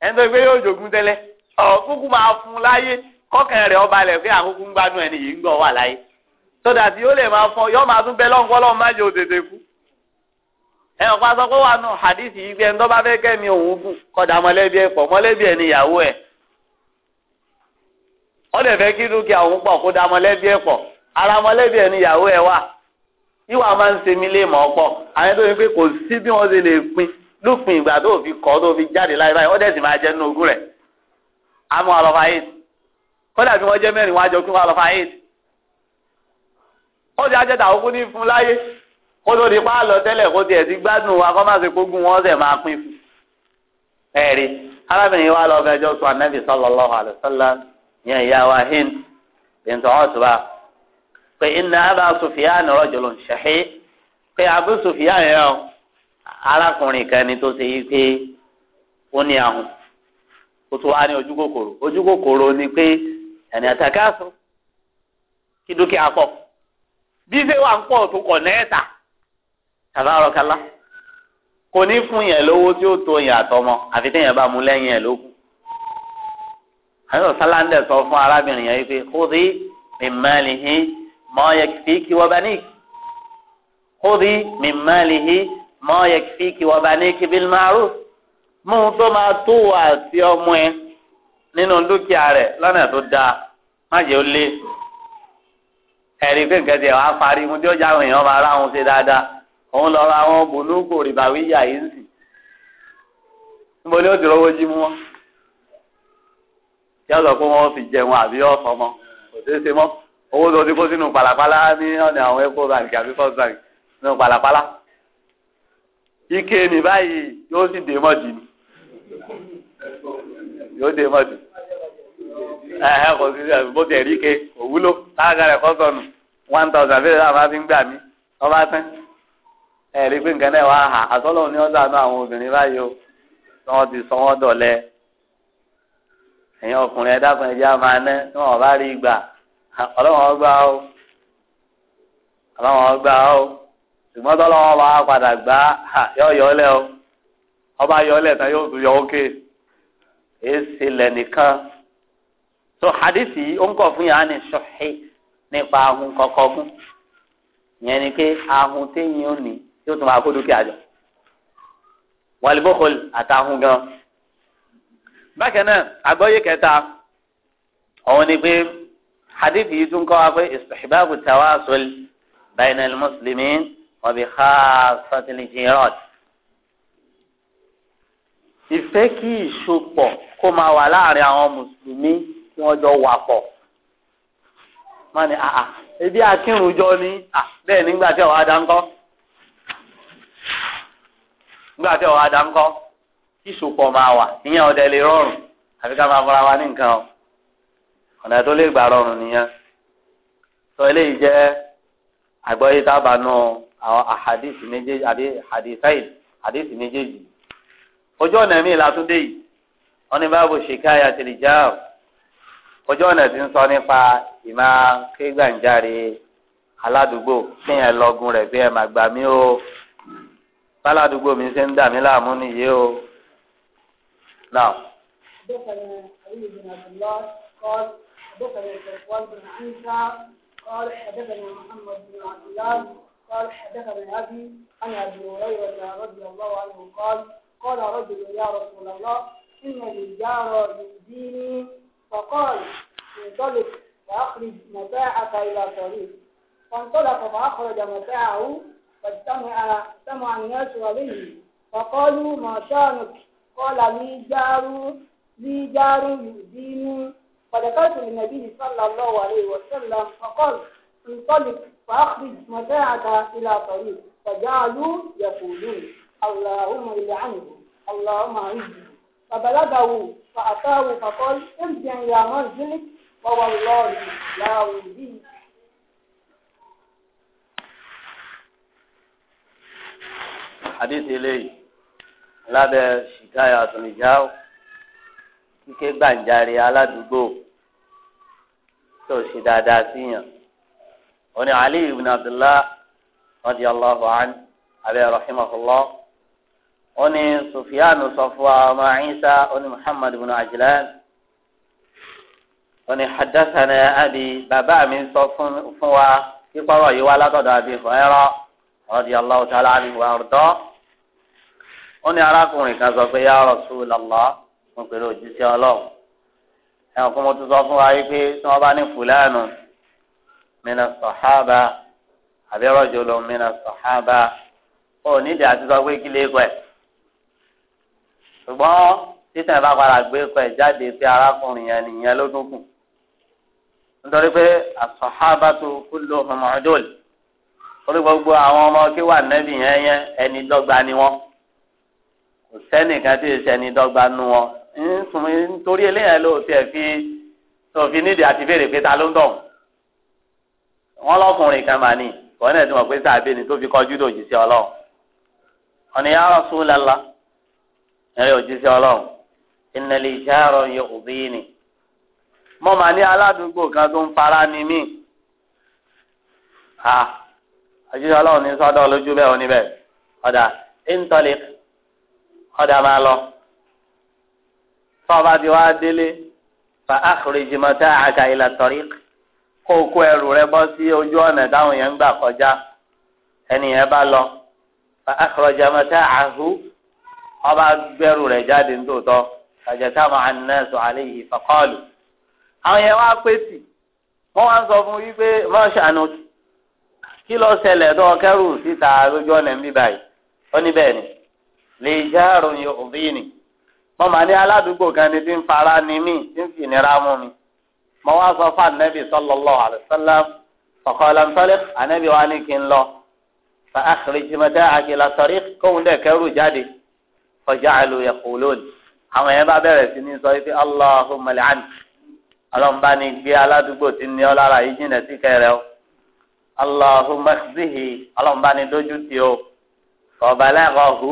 ẹni tó gbé yóò jogún tẹ́lẹ̀ ọ̀kúkú máa fún láyé kọ́kàn rẹ̀ ọba lẹ̀ pé àkókò ń gbádùn ẹni yìí ń gbọ̀ wà láyé sọdà tí ó lè máa fọ yọ́ máa tún bẹ lọ́nkọ́ lọ́n má jẹ́ òtètè kú ẹ ọ̀pá sọ pé wà nù hadithi yìí pé ẹni tó bá fẹ́ kẹ́mi òun kù kọ́dà mọ́lẹ́bí ẹ pọ̀ mọ́lẹ́bí ẹ níyàwó fẹ́ kí dúkìá òun pọ̀ kó mọ́lẹ́bí pọ̀ ara mọ́lẹ́bí níyàwó lópin ìgbà tó fi kọ́ tó fi jáde láyé báyìí ọdẹ sì máa jẹ nínú ogún rẹ̀ àmọ́ àlọ́fà eight kódà bí wọ́n jẹ́ mẹ́rin wọ́n á jọ kí wọ́n àlọ́fà eight ó ti ajẹ́ta ogún ní fún láyé kó tó di pa lọ tẹ́lẹ̀ kó tiẹ̀ ti gbádùn wa kógun wọn ṣẹ̀ máa pín fún ẹ̀rí arábìnrin wa lọ fẹjọ́ sọ anabi sallallahu alaihi wasallam yẹn ìyá wa hind bint pé inna arákùnrin kan ni tó ṣe yí pé ó ní ahùn kó tó wá ní ojú kòkòrò ojú kòkòrò ni pé ẹni àtàkásù kí dúkìá pọ̀ bí ṣe wà ń pọ̀ tó kọ̀ nẹ́ẹ̀ta tàbá ọ̀rọ̀ kálá kò ní fún yẹn lówó tí ó tó yẹn àtọmọ àfi téèyàn bá mú lẹ́yìn ẹ̀ lókun àwọn sálàndẹ̀ sọ fún arábìnrin yẹn wípé kódì mímálìhí mọ́ yẹ kí wọ́n bá ní kódì mímálìhí mọ yakfiki wa baniki bil ma'ruf mú un tó máa tó wà sí ọmọ ẹ nínú dúkìá rẹ lọ́nà tó dáa má jẹ́ ó lé ẹ̀rí pé nǹkan tiẹ̀ wá parí mu tí ó jáwé èèyàn máa ra òun ṣe dáadáa òun lọ ra àwọn bòlúkò rìbáwíyà yìí ń sì níbo ni ó ti rówó jí mú wọn kí sọ pé wọ́n fi jẹun àbí ọ̀sán mọ́ kò ṣeé ṣe mọ́ owó tó ti kó sínú pàlàpàlà ní ọ̀nà àwọn epo bank àbí first bank nínú pàlàpàlà ike mi báyìí yóò sì dé mọ́jì ni yóò dé mọ́jì ẹ̀hẹ́ kò sí bó tẹ̀ ike òwúlò táàgà rẹ̀ kọ́sọ̀ nù one thousand fẹ́rẹ̀ àwọn afi ń gbà mí ọba tán ẹ̀rí pé nǹkan náà wàá hà àtọ́lọ́ ni wọ́n dànù àwọn obìnrin báyìí o tí wọ́n ti sọ wọ́n dọ̀lẹ́ ẹ̀yin ọkùnrin ẹ̀dákùnrin ẹ̀jẹ̀ á máa ná tí wọ́n bá rí gbà ọlọ́wọ́n gbà ó ọlọ́wọ́n gbà ó ṣùgbọ́n tọ́lọ́ wọn bá padà gbá yọ yọlẹ̀ o ọba yọlẹ̀ tán yóò tún yọ ókè èsì lẹ́nìkan tó hadithi ó ń kọ̀ fún yàrá ní sọ́hí nípa ahun kọ̀ọ̀kan fún yẹn ni pé ahun téyìn ò ní yóò tún máa kó dúkìá jọ wàlúbọ̀kọ̀lì àtàhùn gan. bákan náà àgbọ́yé kẹta ọ̀hún ni pé hadith yìí tún kọ́ wa pé istihbabu tawasul bainal muslimin. وبخاصة الجيران ìfẹ́ kí ìṣopọ̀ kó máa wà láàrin àwọn mùsùlùmí tí wọ́n jọ wà pọ̀ má ní àà ebi akínrùjọ ni bẹ́ẹ̀ nígbà tí ọ̀wá dá ń kọ́ nígbà tí ọ̀wá dá kí ìṣopọ̀ máa wà ìyẹn ọ̀dẹ̀ lè rọrùn àfi ká máa fọra wa ní nǹkan o ọ̀nà tó lè gbà rọrùn nìyẹn sọ eléyìí jẹ́ àgbọ̀yé tábà náà àwọn àhàdìsì méjèèjì àbí àdìsáì àdìsì méjèèjì ojú ọ̀nà míì látúndé yìí wọ́n ní báwo ṣe káyà tẹ̀lé jáàbù ojú ọ̀nà tí ń sọ nípa ìmá kégbàǹjáre aládùúgbò kéèyàn lọ́gùn rẹ̀ pé ẹ mà gbà mí o báládùúgbò mi ṣe ń dà mí láàmú nìyí o. Now. قال حدثنا محمد بن عبد الله قال حدثني أبي عن أبي هريرة رضي الله عنه قال قال رجل يا رسول الله إن الجار يؤذيني فقال انطلق فأخرج متاعك إلى طريق فانطلق فأخرج متاعه فاجتمع اجتمع الناس عليه فقالوا ما شانك قال لي جار لي جار يؤذيني فذكرت للنبي صلى الله عليه وسلم فقال انطلق فأخرج متاعك إلى طريق فجعلوا يقولون اللهم العنه اللهم عنه فبلغه فأتاه فقال ارجع إلى منزلك فوالله لا أريد حديث إليه lábẹ́ ṣìkáyà àtúnìjà kíké gbàǹjarè aládùúgbò tó ṣe dáadáa síyàn wọ́n ní ali ibn abdullah radiyallahu anhu abẹ́ rahimahullah wọ́n ní sufiyanu sọfúnwa ọmọ ayinsa wọ́n ní muhammad ibn ajlan wọ́n ní hadathana abi bàbá mi sọ fún wa kíkọ́rọ̀ yìí wá látọ̀dọ̀ àbí fọ́ẹ́rọ́ radiyallahu ta'ala anhu wa arda wọ́n ní kan sọ pé ya rasulallah wọ́n pèrè òjíṣẹ́ ọlọ́run ẹ̀wọ̀n kó mo tún sọ fún wa yìí pé tí wọ́n bá ní fúlẹ́ẹ̀nù mina sọ̀hábà àbí rọ́jòló mina sọ̀hábà ó nídìí àti sọ pé kí lè kọ́ ẹ̀. ṣùgbọ́n títẹ̀ bá padà gbé kọ́ ẹ̀ jáde pé arákùnrin yẹn nìyẹn ló dún kù. nítorí pé àsọ̀hábà tó kú ló hàn mọ́jọ́lì orí gbogbo àwọn ọmọ kí wà nẹ́bì yẹn yẹn ẹni dọ́gba ni wọ́n kò sẹ́nìkan tí èsì ẹni nu wọn nítorí eléyàn ló ti fi tó fi nídìí àti béèrè pé ta ló ń dọ̀hún wọn lọkùnrin kan máa ní wọn náà ti mọ̀ pé sáàbì ni tó fi kọjú tó òjíṣẹ́ Ọlọ́run ọ̀nà ya Rasulullah ẹ̀rẹ́ òjíṣẹ́ Ọlọ́run ìnàlẹ̀ ìṣe àárọ̀ yẹ òbí ni mo máa ní aládùúgbò kan tó ń fara ni mí ha òjíṣẹ́ Ọlọ́run ní sọ́dọ̀ lójú bẹ́ẹ̀ oníbẹ̀ ọ̀dà ìntọ́lẹ̀ ọ̀dà máa lọ tọ́ba ti wá délé fa akhrij mata'aka ila kó o kó ẹrù rẹ bọ́ sí ojú ọ̀nà táwọn yẹn ń gbà kọjá ẹnìyẹn bá lọ akọrọjà mọtẹ àhú ọba gbẹrù rẹ jáde nítòótọ́ àjẹtà máa ń nẹẹsọ alẹ yìí fọkọọlù àwọn yẹn wá pèsè wọn wá ń sọ fún wípé mọṣánù kí ló ṣẹlẹ̀ tó kẹrù síta lójú ọ̀nà mi báyìí ó ní bẹ́ẹ̀ ni lè já ròyìn òbí ni mo mà ní aládùúgbò kan ní ti ń fara ni mí ti ń fi ìnira mú mi mo wá sọ fún anabi sallallahu alaihi wasallam faqala ntọ́lẹ̀ anabi wa ní kí n lọ fa akhrij mata'aka ila tariq kóhun dẹ̀ kẹrù jáde faja'alu yaqulun àwọn yẹn bá bẹ̀rẹ̀ sí ní sọ wípé allahumma la'an ọlọ́mba ni gbé aládùúgbò tí ní ọ lára yìí jìnà sí kẹrẹ o allahumma khzihi ọlọ́mba ni dójú tì o ọ̀bàlẹ̀ ọ̀hú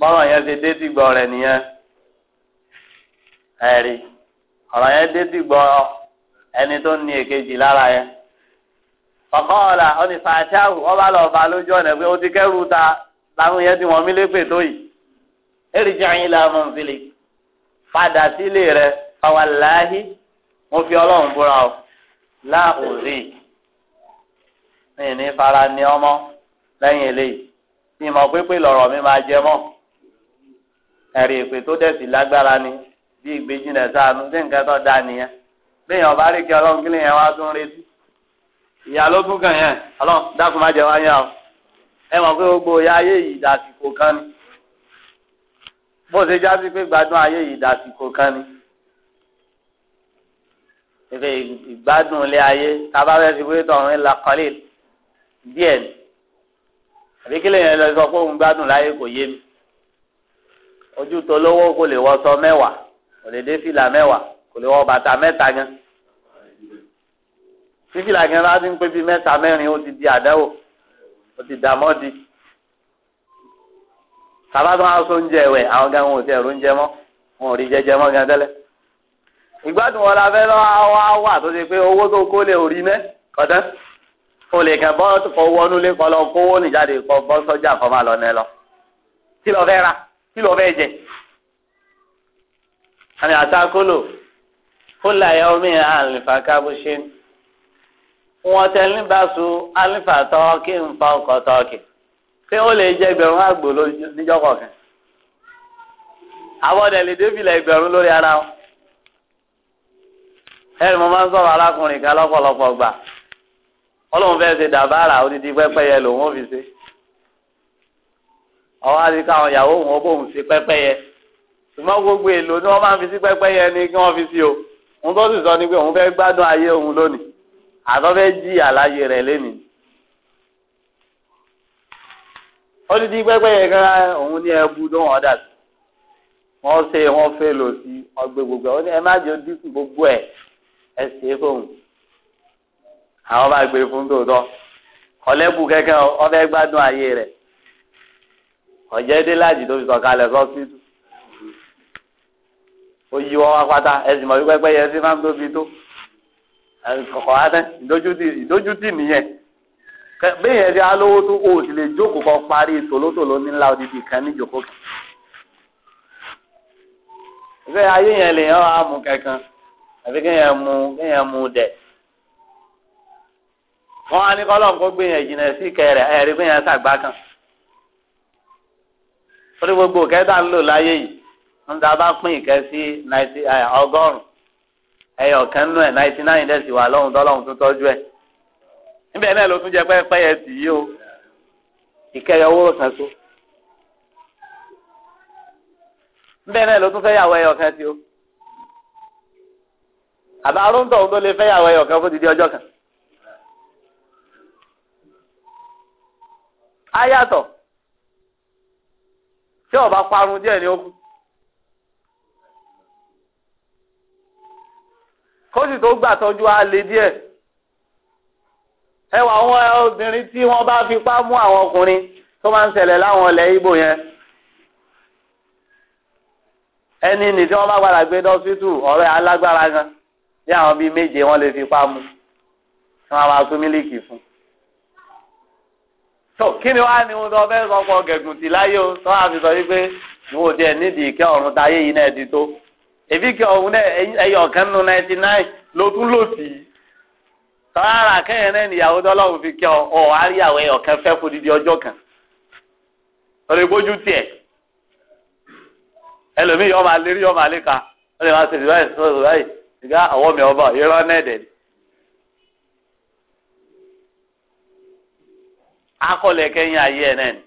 bọ́rọ̀ yẹn ti dé ti gbọ̀ nìyẹn ẹ̀rí. ọ̀rọ̀ yẹn dé dìgbọ́ ẹni tó ní èkejì lára yẹn ọ̀kan ọ̀la ọ̀nì fàtíàwù ọba lọ bá lójú ọ̀nà pé ó ti kẹ́rù ta láwọn yẹn tí wọ́n mí lépè tó yìí èrìjì àyìn la mọ̀ nfìlì padà sílé mo fi ọlọ́run búra o mi ní fara ní ọmọ lẹ́yìn eléyìí mi mọ̀ pé pé lọ̀rọ̀ mi máa jẹ mọ́ ẹ̀rì èpè tó dẹ̀ sí lágbára ni bí ìgbéjìnlẹ̀ sáànù sí nǹkan tó dáa nìyẹn bẹ́ẹ̀ ọba rí kí ọlọ́run kí lèyẹn wá tún retí ìyá ló tún kàn yẹn ọlọ́run dákun má jẹ wá yẹn o ẹ mọ̀ pé gbogbo ìyá ayé yìí dàsìkò kan ni bó ṣe já sí pé gbádùn ayé yìí dàsìkò kan ni ìfẹ́ ìgbádùn ilé ayé tábà fẹ́ fi wé tọ̀hún ńlá kọ́lé díẹ̀ ni àbí kí lèyẹn lọ sọ pé òun gbádùn láyé kò yé mi ojú tó kò lè wọ́ sọ mẹ́wàá kò lè dé fìlà mẹ́wàá kò lè wọ bàtà mẹ́ta gan fífìlà gan bá ti ń pé bíi mẹ́ta mẹ́rin ó ti di àdáwò ó ti dàmọ́dì sábà tó máa ń so oúnjẹ ẹ̀wẹ̀ àwọn gan wọn ò tiẹ̀ róúnjẹ mọ́ wọn ò rí jẹjẹ mọ́ gan tẹ́lẹ̀ ìgbádùn wọn la fẹ́ lọ́wọ́ wá wà tó ṣe pé owó tó kó lè rí ná kọ́tán o lè kàn bọ́ kọ́ wọnú lé kọ́ lọ kówó nìjáde kọ́ bọ́ sọ́jà kọ́ máa lọ ná lọ kí lọ fẹ́ ra kí lọ fẹ́ jẹ àmì àtàkùlò fúlà yà omi àlìfà kábùṣe wọn tẹlẹ báṣu àlìfà tọọkì nfa ọkọ tọọkì pé ó lè jẹ ẹgbẹ̀rún àgbò níjọ́ kọ̀ọ̀kan àwọn ọdẹ lè débìlẹ ẹgbẹ̀rún lórí ara wọn ẹni mo máa ń sọ̀rọ̀ arákùnrin kan lọ́pọ̀lọpọ̀ gbà ọlọ́run fẹ́ẹ́ ṣe dàbára odidi pẹ́pẹ́yẹ lòun ò fi ṣe ọwọ́ àti káwọn ìyàwó òun ó bóun ṣe pẹ́pẹ́yẹ ṣùgbọ́n gbogbo èlò ni wọ́n máa ń fi sí pẹ́pẹ́ yẹn ni kí wọ́n fi sí o òun tó sì sọ ni pé òun fẹ́ gbádùn ayé òun lónìí àtọ́ fẹ́ jí àlàyé rẹ̀ lénìí. ó ti di pẹ́pẹ́ yẹn kan òun ní ẹbu tó wọ́n dà sí wọ́n ṣe wọ́n fẹ́ lò sí ọgbẹ́ gbogbo ẹ̀ ó ní ẹ má jẹ́ dínkù gbogbo ẹ̀ ẹ ṣe é fóun àwọn bá gbé e fún tòótọ́ ọlẹ́bù kẹ́kẹ́ ọfẹ́ gbádùn ayé rẹ̀ ọ̀jẹ́ dé láàjì tó fi sọ̀kalẹ̀ sọ́sítù ó yí wọn wá pátá ẹsìn mọ̀ wípé pẹ́yẹ ẹsìn máa ń tóbi tó kọ̀kọ̀ adẹ́ ìdójútì nìyẹn bẹ́ẹ̀ yẹn ti alówó tó o sì lè jókòó kan parí tòlótòló nílá odidi kan ní ìjókòó kan ṣé ayé yẹn lè yàn á mú kankan àfi kéèyàn mú kéèyàn mú dẹ̀ wọn á ní kọ́lọ́m kó gbé yẹn jìnnà sí kẹrẹ ẹ̀rí gbé yẹn sàgbá kan torí gbogbo kẹta ń lò láyé yìí. níta bá pín ìkẹ́ sí ọgọ́rùn-ún ẹyọ kan nú ẹ̀ náìtì náì dẹ̀ sì wà lọ́hùn tọ́lọ́hùn tó tọ́jú ẹ̀ níbẹ̀ náà tì yí o owó kan so níbẹ̀ náà ló tún fẹ́ yàwó ẹyọ kan ti o àbá arúntọ̀ tó lè fẹ́ yàwó ẹyọ kan fún ọjọ́ kan. á yàtọ̀ tí ọba parun díẹ̀ kóòsì tó gbà tọ́jú á le díẹ̀ ẹwà àwọn obìnrin tí wọ́n bá fipá mú àwọn ọkùnrin tó máa ń ṣẹlẹ̀ láwọn ilẹ̀ Ìgbò yẹn ẹni nì tí wọ́n bá padà gbé dọ́sítù ọ̀rẹ́ alágbára gan bí àwọn bíi méje wọ́n lè fipá mú tí wọ́n máa tún mílíkì fún tó kí ni wàá ní ohun tó fẹ́ sọ fún ọgẹ̀gùn tì láyé o tó wàá fi sọ wípé ìwọ tiẹ̀ nídìí ìkẹ́ ọ̀run táyé yìí náà di tó èbí kí ọ̀hún náà ẹyọ ọ̀kan nínú ninety nine ló tún lò sí i tọ́lára kẹ́yìn náà nìyàwó tọ́lọ́hún fi kí ọ ọ àríyàwó ẹyọ kan fẹ́ fún odidi ọjọ́ kan ọ̀rẹ́ ìbójú tiẹ̀ ẹlòmíì ọmọ alẹ́ rí ọmọ alẹ́ ka ọ̀rẹ́ máa ṣe ìdíwáyé sọ̀rọ̀ ìdíwáyé ìgbà ọwọ́ mi ọba ìrọ́ náà dẹ̀ ni. akọlẹ̀ kẹ́yìn ayé ẹ̀ náà ni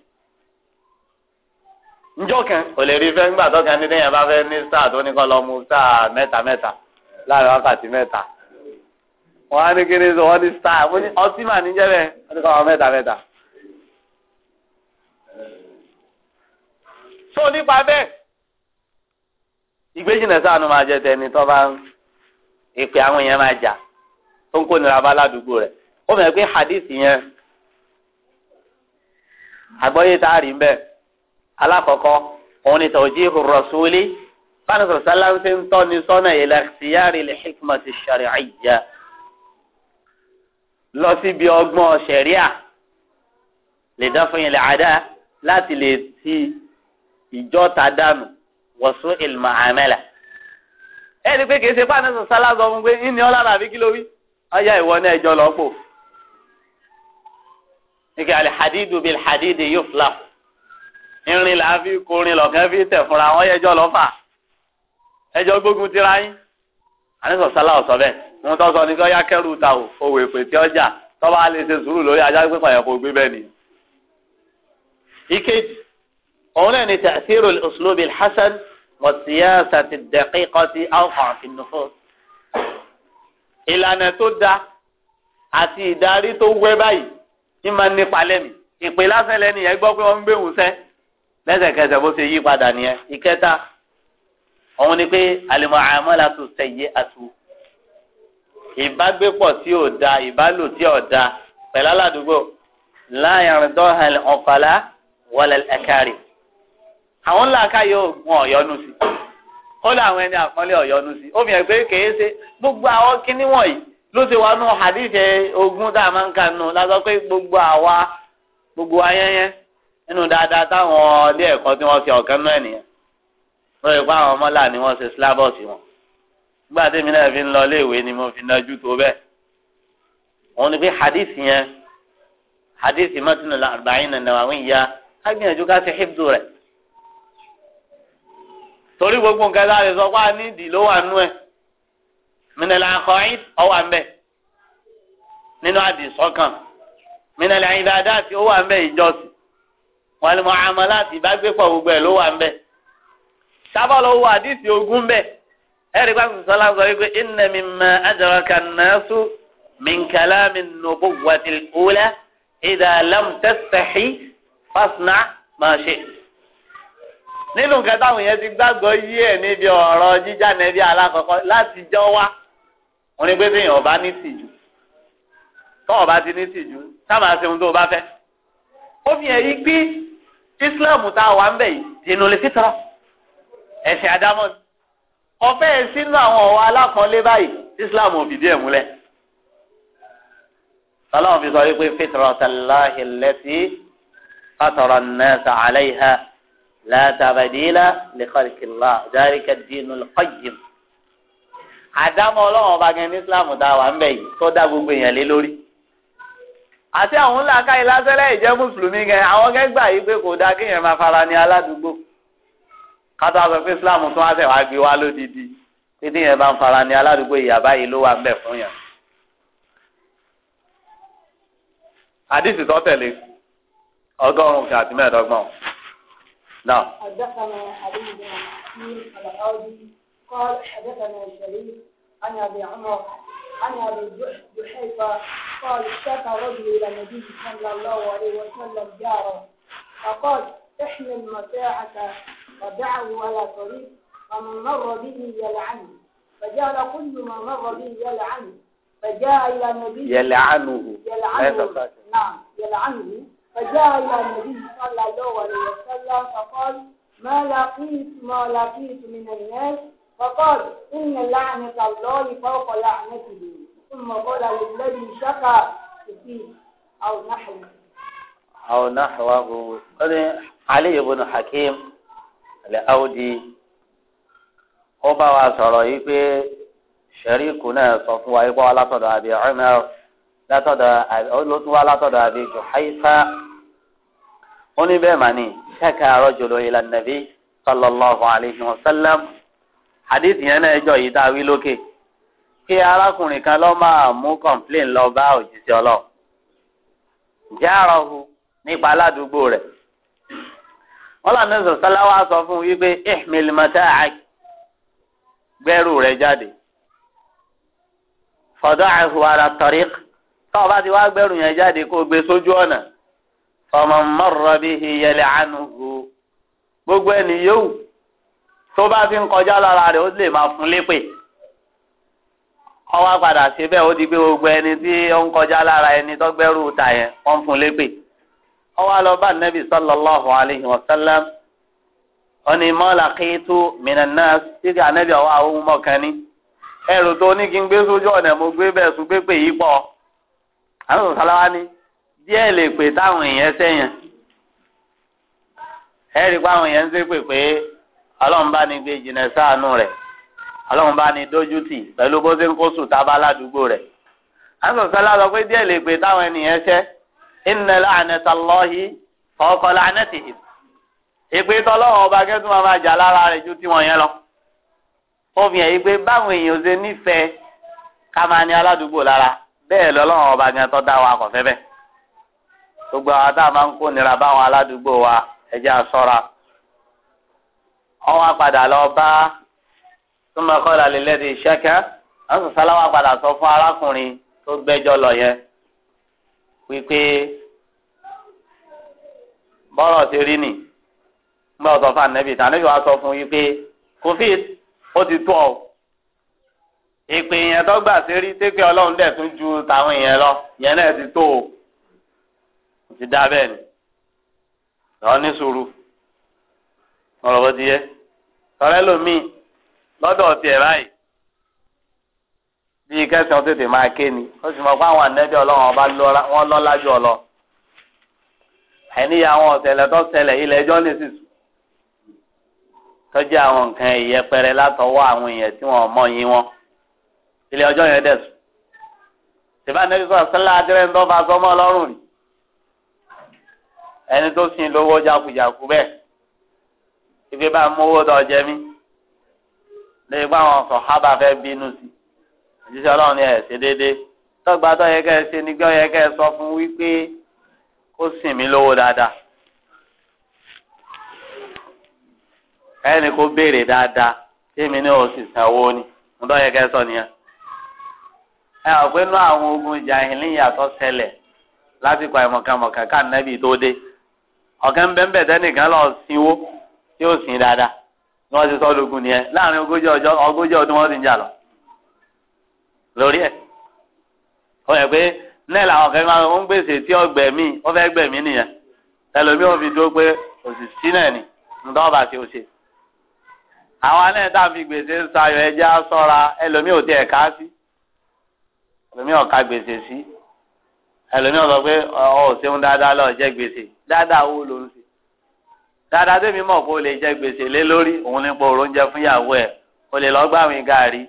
njọ́ kan ò lè rí fẹ́ ńgbà tó ní téèyàn bá ní sáà tó ní kọ́ lọ mu sáà mẹta mẹ́ta láàrin wákàtí mẹta wọ́n á ní kí ni sọ wọ́n ní sáà mo ní ọtí mà ní jẹ́bẹ̀ wọ́n ní kọ́ lọ mẹ́ta mẹ́ta. tó nípa bẹ́ẹ̀ ìgbéjìnà sáànù máa jẹ tẹni tó bá ń ìpè àwọn máa jà tó ń kó nira bá ládùúgbò ó pé hadith yẹn tá a rí alákọ̀ọ́kọ́ òun ni tọ̀jú ìhùrọ̀sùlì fánisọ̀ sáláńsì ń tọ́ni sọ́nà ìlà tìyárì lè xikmà ti sàrì àyíjà lọ síbi ọgbọ́n sẹ̀ríà lè dá fún ilẹ̀ àdá láti lè ti ìjọ́ta dànù wọ̀sùn ìlmọ̀ àmẹ́là. ẹ ní pé kìí ṣe fánisọ̀ sáláńsì ọ̀hún pé ń ní ọ́ lára àbí kí ló ìwọ náà ẹjọ́ lọ́pọ̀. nígbà alẹ́ bil hadidi yóò flafu irin là á fi korin lọ̀kẹ́ fi tẹ̀ fúnra wọn yẹjọ́ lọ́fà ẹjọ́ gbógun tira yín àníṣọ sálà ọ̀sọ́ bẹ́ẹ̀ wọn tó sọ ní kí ọyá kẹrù ta o òwò èpè tí ọjà tọ́ba lè ṣe sùúrù lórí ajá pé pààyàn kò gbé bẹ́ẹ̀ ni. ìkejì òun náà ni tàṣírò òṣùlóbi hasan mọ̀síyàsá ti dẹ̀kí kọ́ sí alfààn ìlànà tó da àti ìdarí tó wẹ́ báyìí ní máa nípa lẹ́mìí ìpè lásán lẹ́nìyẹn gbọ́ pé wọ́n ń gbé wùsẹ́ lẹ́sẹ̀kẹsẹ̀ bó ṣe yí padà nìyẹn ìkẹta òun ni pé àlèmọ̀ àmọ́lá tó ṣẹyẹ àtú ìbágbépọ̀ tí ò da ìbálò tí ò da pẹ̀lú aládùúgbò láàrin dọ́hàn ọ̀fàlà wọlé ẹ̀kárì àwọn ńlá ká yóò gun ọ̀yọ́nu sí ó lé àwọn ẹni àpọ́nlé ọ̀yọ́nu sí ó fi hàn pé kèé ṣe gbogbo àwọn kíní wọ̀nyí ló ti wà nù hadith ogún tá a máa ń kà nù lásán pé gbogbo àwa gbogbo ayẹyẹ nínú dáadáa táwọn ilé ẹ̀kọ́ tí wọ́n fi ọ̀kan náà nìyẹn wọ́n rí i pé àwọn ọmọlà ni wọ́n ṣe sílábọ̀sì wọn nígbà tèmi náà fi ń lọ iléèwé ni mo fi nájú tó bẹ́ẹ̀ òun ni pé hadith yẹn hadith mọ́tún lọ àgbáyìn nàná àwọn ìyá á gbìyànjú ká ṣe hibdu rẹ̀ torí gbogbo nǹkan tá a lè sọ pé a ní ìdì ló wà nú ẹ̀ minala akọ̀yìn ọwà ń bẹ̀ nínú àdìsọ́kàn minala ìdàdà tí ó wà ń ìjọsìn wọn ni muamalat ìbágbépọ̀ gbogbo ẹ̀ ló wà ń bẹ̀ sábà lọ wọ àdìsí ogún bẹ̀ ẹ̀rí pàṣẹ sọlá sọ wípé inna mimma adraka an-nasu min kalami an-nubuwwati al-ula idha lam tastahi fasna' ma shi'ta nínú nǹkan táwọn yẹn ti gbàgbọ́ yí ẹ̀ níbi ọ̀rọ̀ jíjà nẹ́bí alákọ̀ọ́kọ́ láti jọ́ wá wọn ni pé téèyàn ọba ní tìjú tọ́ ọba ti ní tìjú sábà ṣe ohun tó o bá fẹ́ ó fi hàn yí pé islam tá a wà ń bẹ̀ yìí dènà lè fi tọrọ ẹ̀sìn àdámọ́ ni ọ̀fẹ́ sínú àwọn ọ̀wọ́ alákọ̀ọ́lé báyìí islam ò fìdí ẹ̀ múlẹ̀ sọláwọn fi sọ wípé fitratallahi allati fatara an-nasa 'alayha la tabdila li khalqillah dhalika ad-dinul ọba gẹ́gẹ́ ní islam tá wà ń bẹ̀ yìí tó dá gbogbo èèyàn lé lórí àti àwọn ńlá káyìí lásẹ̀lẹ̀ ìjẹ́ mùsùlùmí gan àwọn gẹ́gbà yìí pé kò dáa kéèyàn máa fara ní aládùúgbò kátó àgbẹ̀ fún islam tún wá sẹ̀wá gbé wá lódìdí pé téèyàn bá ń fara ní aládùúgbò ìyàbá yìí ló wà ń bẹ̀ fún yàn. àdìsí tó tẹ̀lé ọgọ́rùn-ún kan àti mẹ́ẹ̀ẹ́dọ́gbọ̀n náà. حدثنا علي بن محمود العودي قال حدثنا شريف عن أبي جحيفة قال اشتكى رجل إلى النبي صلى الله عليه وسلم جاره فقال احمل متاعك ودعه على طريق فمن مر به يلعنه فجعل كل ما مر به يلعنه فجاء إلى النبي يلعنه يلعنه نعم يلعنه فجاء إلى النبي صلى الله عليه وسلم فقال ما لقيت ما لقيت من الناس فقال إن لعنة الله فوق لعنته ثم قال للذي شكى فيه أو نحوه أو نحوه علي بن حكيم لأودي ó bá wa sọ̀rọ̀ yìí pé ṣẹ̀ríkù náà sọ fún wa ipò alátọ̀dọ̀ àbí Umar látọ̀dọ̀ olótú wa látọ̀dọ̀ àbí Juhayfa ó ní bẹ́ẹ̀ mà ní ṣẹ́ka rajulu ila nabi sallallahu alayhi wa sallam. hadith yẹn náà jọ yìí tá a wí lókè kí arákùnrin kan lọ máa mú lọ bá òjíṣẹ́ ọlọ́run nípa aládùúgbò rẹ̀ wọ́n lànà sọ̀sálá sọ fún wípé ihmil mata'ak gbẹ́rù rẹ̀ jáde fada'ahu ala tariq tọ́ ọba ti wá gbẹ́rù yẹn jáde kó gbé sójú ọ̀nà gbogbo ẹni yóò. tó bá fi ń kọjá lára rẹ̀ ó lè máa fún lépè ọwọ́ padà ṣe bẹ́ẹ̀ ó di pé gbogbo ẹni tí ó ń kọjá lára ẹni tó gbẹ́rù ta yẹn wọ́n fún lépè ọwọ́ lọ bá nẹ́bí sallallahu alayhi wa sallam ọ̀nì mọ́làkìtù minan nas títí ànẹ́bí ọwọ́ àwọn ohun mọ̀kànní ẹrù tó ní kí n gbé sójú ọ̀nà mo gbé bẹ́ẹ̀ sùn pépè yìí pọ̀ àwọn sọ̀sálàwá ni díẹ̀ lè pè táwọn èèyàn sẹ́yìn ẹ̀rí pa àwọn èèyàn ń ṣépè pé ọlọ́run bá ní gbé jìnnà rẹ̀ ọlọ́run ní pẹ̀lú bó ṣe ń kó sùn rẹ̀. àǹsọ̀sọ́ lásọ pé díẹ̀ lè pè táwọn ènìyàn ṣẹ́ inna la'nata Allahi fawqa la'natihim. ìpè tọ́lọ́wọ́ ọba máa jà lára rẹ̀ ju lọ. pé báwọn èèyàn ṣe nífẹ̀ẹ́ ká máa ní aládùúgbò lára bẹ́ẹ̀ lọ́lọ́wọ́ ọba ọwọ́ apàdà lọ bá súnmọ́ kọ́lá lẹ́lẹ́dì ṣẹ́kẹ́ ọ̀sùn sáláwà padà sọ fún arákùnrin tó gbẹ́jọ́ lọ yẹn wípé bọ́rọ̀ ti rí nì nígbà tó fà nẹ́bì tàn níbi wàá sọ fún wípé kò fi ó ti tó ọ ìpè yẹn tó gbà sí rí tẹ́kẹ́ tún ju tàwọn èèyàn lọ yẹn náà ti tó o ti dá bẹ́ẹ̀ ni lọ ní sùúrù ọ̀rọ̀ ti yẹ tọ́lẹ́ lómìn lọ́dọ̀ tiẹ̀ báyìí bíi kẹsàn-án tètè máa ké ni ó sì mọ̀ pé àwọn ànẹ́bí ọlọ́run ọba wọn lọ́lá jù lọ àìníyà àwọn ọ̀sẹ̀lẹ̀ tó ṣẹlẹ̀ ilẹ̀ ẹjọ́ lè sì sùn tọ́jú àwọn nǹkan ìyẹpẹrẹ látọwọ́ àwọn èèyàn tí wọ́n mọ̀ yín wọn ilé ọjọ́ yẹn dẹ̀ sùn tìbá nẹ́bí sọ̀rọ̀ sẹ́lá adẹ́rẹ́ ń dọ́fà sọmọ́ ọlọ́run ni ẹni tó sin lówó jákujàku bẹ́ẹ̀ ìgbé bá mú owó tó jẹ mí lè gbọ́ àwọn sọ̀hábà fẹ́ bínú sí òjíṣẹ́ ọlọ́run ni ẹ̀ ṣe déédéé tọ́gbà tó yẹ kẹ́ ẹ ṣe ni gbọ́ yẹ kẹ́ ẹ sọ fún wípé ó sìn mí lówó dáadáa ẹnì kó béèrè dáadáa tèmi ní oṣù sanwó ni mo tọ́ yẹ kẹ́ ẹ sọ nìyẹn ẹ ọ̀ pé inú àwọn ogun jàhìlíyà tó ṣẹlẹ̀ lásìkò àìmọ̀kànmọ̀kàn káà nẹ́bì tó dé ọ̀kẹ́ ń bẹ́ńbẹ̀ lọ sinwó yóò sìn dáadáa ni wọ́n ti sọ lógun nìyẹn láàrin ogójì ọjọ́ ogójì ọdún wọ́n ti ń jà lọ lórí ẹ̀ ó yẹ pé náà làwọn kan máa ń gbèsè tí ọgbẹ mi wọ́n fẹ́ẹ́ gbẹ̀mí nìyẹn ẹlòmíì ò fi dúró pé òṣìṣì náà ni nǹkan ọba ti ò ṣe àwọn alẹ́ tá a fi gbèsè sayọ ẹjẹ́ á sọ́ra ò tiẹ̀ ká sí ẹlòmíì ò gbèsè sí ẹlòmíì ò sọ pé ọ̀ ò ṣeun dáadáa lọ jẹ́ gbèsè dáadáa owó ló ń ṣe dáadáa tèmi mọ̀ kó lè jẹ gbèsè lé lórí òun nípa òróúnjẹ fún ìyàwó ẹ̀ o lè lọ gbàwìn gàrí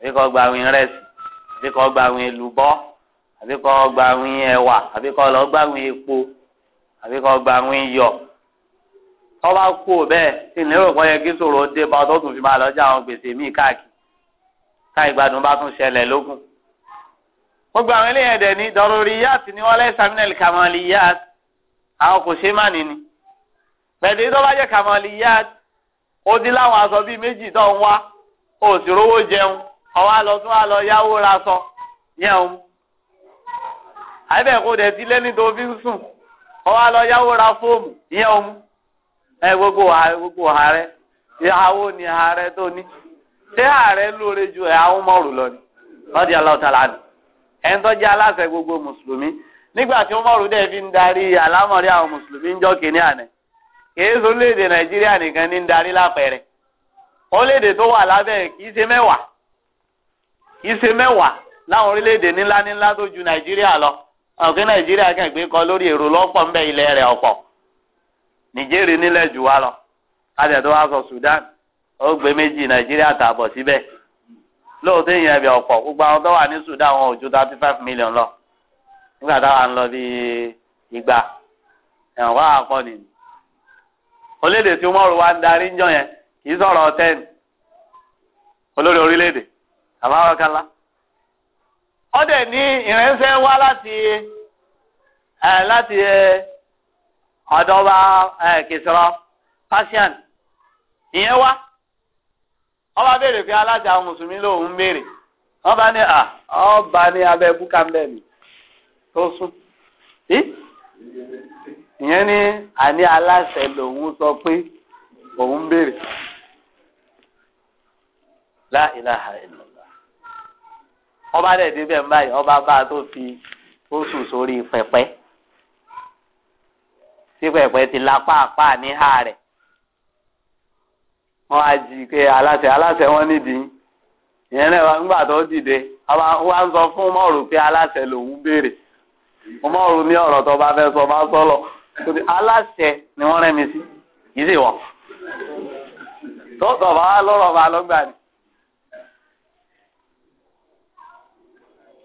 àbí kó gbàwìn rẹsì àbí kó gbàwìn èlùbọ́ àbí kó gbàwìn ẹ̀wà àbí kó lọ gbàwìn epo àbí kó gbàwìn iyọ̀ tọ́ba kú bẹ́ẹ̀ tí ìlérò kan yẹ kí sòrò dé bá tó tún fi máa lọ́jà àwọn gbèsè míì káàkiri ká ìgbádùn bá tún ṣẹlẹ̀ lógún. gbogbo àwọn eléyẹ̀dẹ̀ ní dọ̀rọ̀rì yáàtì ni wọ́n lẹ́sàmínẹ́lì kàmọ́lì yáàtì àwọn kò ṣe é má nìní. pẹ̀lú tó bá jẹ́ kàmọ́lìyá ó dín láwọn aṣọ bíi méjì tó ń wá ó sì rówó jẹun ọwọ́ lọ tún wá lọ yáwó ra sọ yẹun àbẹ̀kó dẹ̀ ti lẹ́ni tó fi ń sùn ọwọ́ lọ yáwó ra fóòmù yẹun ẹ gbogbo gbogbo ni tó ní ṣé ààrẹ lóore ju ẹ̀ àwọn ọmọ ni lọ́dí ni aláṣẹ gbogbo mùsùlùmí nígbà tí ọmọ kìí ṣe Naijiria èdè nàìjíríà nìkan ní ń darí lápẹẹrẹ orílẹ̀-èdè tó wà lábẹ́ kìí ṣe mẹ́wàá kìí ṣe láwọn orílẹ̀-èdè ńlá ńlá tó ju nàìjíríà lọ ọ̀kẹ́ nàìjíríà kàn gbé kọ lórí èrò ńbẹ ilẹ̀ rẹ̀ ọ̀pọ̀ nìjírí nílẹ̀ jù lọ tó wá sudan ó gbé méjì nàìjíríà bọ ọpọ gbogbo àwọn tó wà sudan wọn ò ju thirty five million lọ nígbà lọ bíi orílẹ̀-èdè tí Umaru wa ń darí ń jọ yẹn kì í sọ̀rọ̀ ten olórí orílẹ̀-èdè àbáwọ̀kánlá. wọ́n dẹ̀ ní ìrẹsẹ̀ wá láti láti ọ̀dọ́ba kìsìrọ̀ Persian ìyẹn wá wọ́n bá béèrè pé alájà àwọn mùsùlùmí lòun ń béèrè wọ́n ní à wọ́n ní abẹ́ búkà ń tó sùn. ìyẹn ní àní aláṣẹ lòun sọ pé òun béèrè la ilaha illallah ọba dẹ̀ débẹ̀ ń báyìí ọba bá a tó fi oṣù sórí pẹ̀pẹ́ tí pẹ̀pẹ́ ti la pàápàá níhà rẹ̀ wọ́n á jí pé aláṣẹ aláṣẹ wọn nídìí ìyẹn náà wà nígbà tó dìde ọba wa ń sọ fún mọ́ọ̀rù pé aláṣẹ lòun béèrè mọ́ọ̀rù ní ọ̀rọ̀ tó bá fẹ́ sọ bá sọ́lọ̀ torí aláṣẹ ni wọ́n rẹ́ mi sí yìí sì wọ̀ tọ́tọ̀ bá lọ́rọ̀ bá lọ́gbà ni.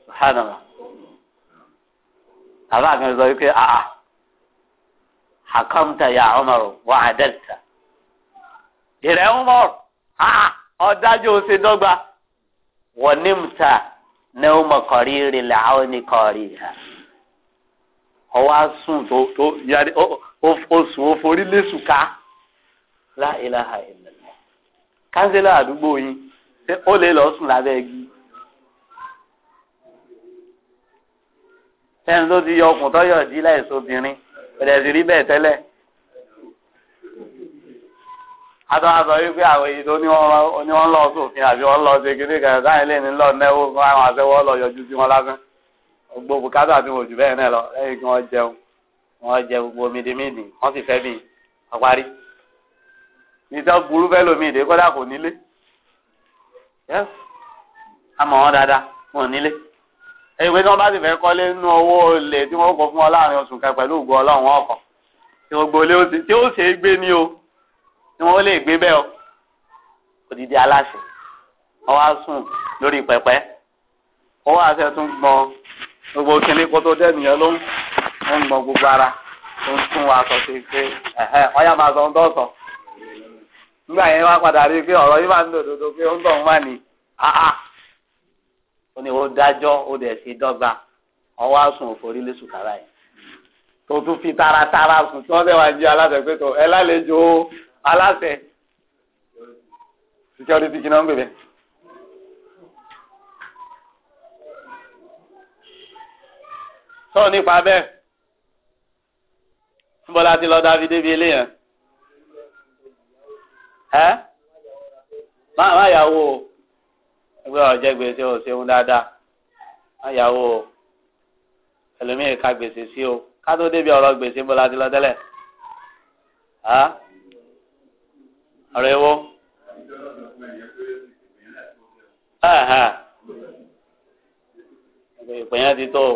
Subhanallah. Àbá kan sọ wípé àà àkọ́mta ya ọmọrò wà á dẹ́ta. Ìrẹ̀ ń ọ̀dájú ó ṣe dọ́gba. Wọ́n ní mùtà ní ọmọkọ̀rí rẹ̀ làwọn oníkọ̀rí ha ọwọ́ á sùn tó tó yàrá ó sùn ó forí lẹ́sùn ká láìláha ìlẹ̀lẹ̀ kánsílà àdúgbò yín ó lè lọ sùn lábẹ́ igi. sẹ́ni tó ti yọ ọkùn tó yọ̀ dí láìsí obìnrin bẹ̀rẹ̀ sí rí bẹ́ẹ̀ tẹ́lẹ̀. Adọ́ àzọ wípé àwọn èyí tó ní wọ́n lọ sófin àbí wọ́n lọ ṣe kékeré kan sáyẹn ní lọ náwó fún àwọn àṣẹwọ́ lọ yọjú sí wọn lásán gbogbo bùkátà tí wọn jù bẹ́ẹ̀ náà lọ lẹ́yìn kí wọ́n jẹun wọ́n jẹ gbogbo mídìmídì wọ́n sì fẹ́ bí àparí níta burú bẹ́ẹ̀ lómi ìdè kọ́dà kò nílé àmọ́ wọn dáadáa wọn ò nílé ẹ̀yìn pé tí wọ́n bá sì fẹ́ kọ́lé nínú owó olè tí wọ́n kọ fún ọ láàrin oṣù kan pẹ̀lú ògùn ọlọ́run ọkọ̀ tí wọ́n gbolé ó tí ó ṣe é gbé ní o tí wọ́n lè gbé bẹ́ẹ̀ o òdìdí aláṣẹ wọ́n wá sùn lórí pẹ̀pẹ́ wọ́n wá tún gbọ́n gbogbo kele kótó dẹ́nìyàn ló ń gbọ̀n gbogbo ara tó ń tún wa sọ sí pé ẹ̀hẹ́ ọ̀yà máa sọ ń dọ̀sọ̀ nígbà yẹn wá padà rí i pé ọ̀rọ̀ yìí máa ń dòdòdò pé ó ń dọ̀hún wà ní àhà ó ní ó dájọ́ ó dẹ̀ sí dọ́gba ọwọ́ àsùn òfòrí lé sùkàrà yẹn tó tún fi taratara sùn tí wọ́n fẹ́ wá jí aláṣẹ pé tó ẹ lálejò aláṣẹ security kí ń gbé bẹ́ẹ̀. tó nípa bẹ́ẹ̀ níbo la ti lọ dábí débi ilé yẹn ẹ má má yàwó o ẹgbẹ́ ọ̀jẹ̀ gbèsè o ṣeun dáadáa má yàwó o ẹlòmíì ka gbèsè sí o ká tó débi ọ̀rọ̀ gbèsè níbo la ti lọ tẹ́lẹ̀ ọ̀rọ̀ ewo ìpè yẹn ti tó o.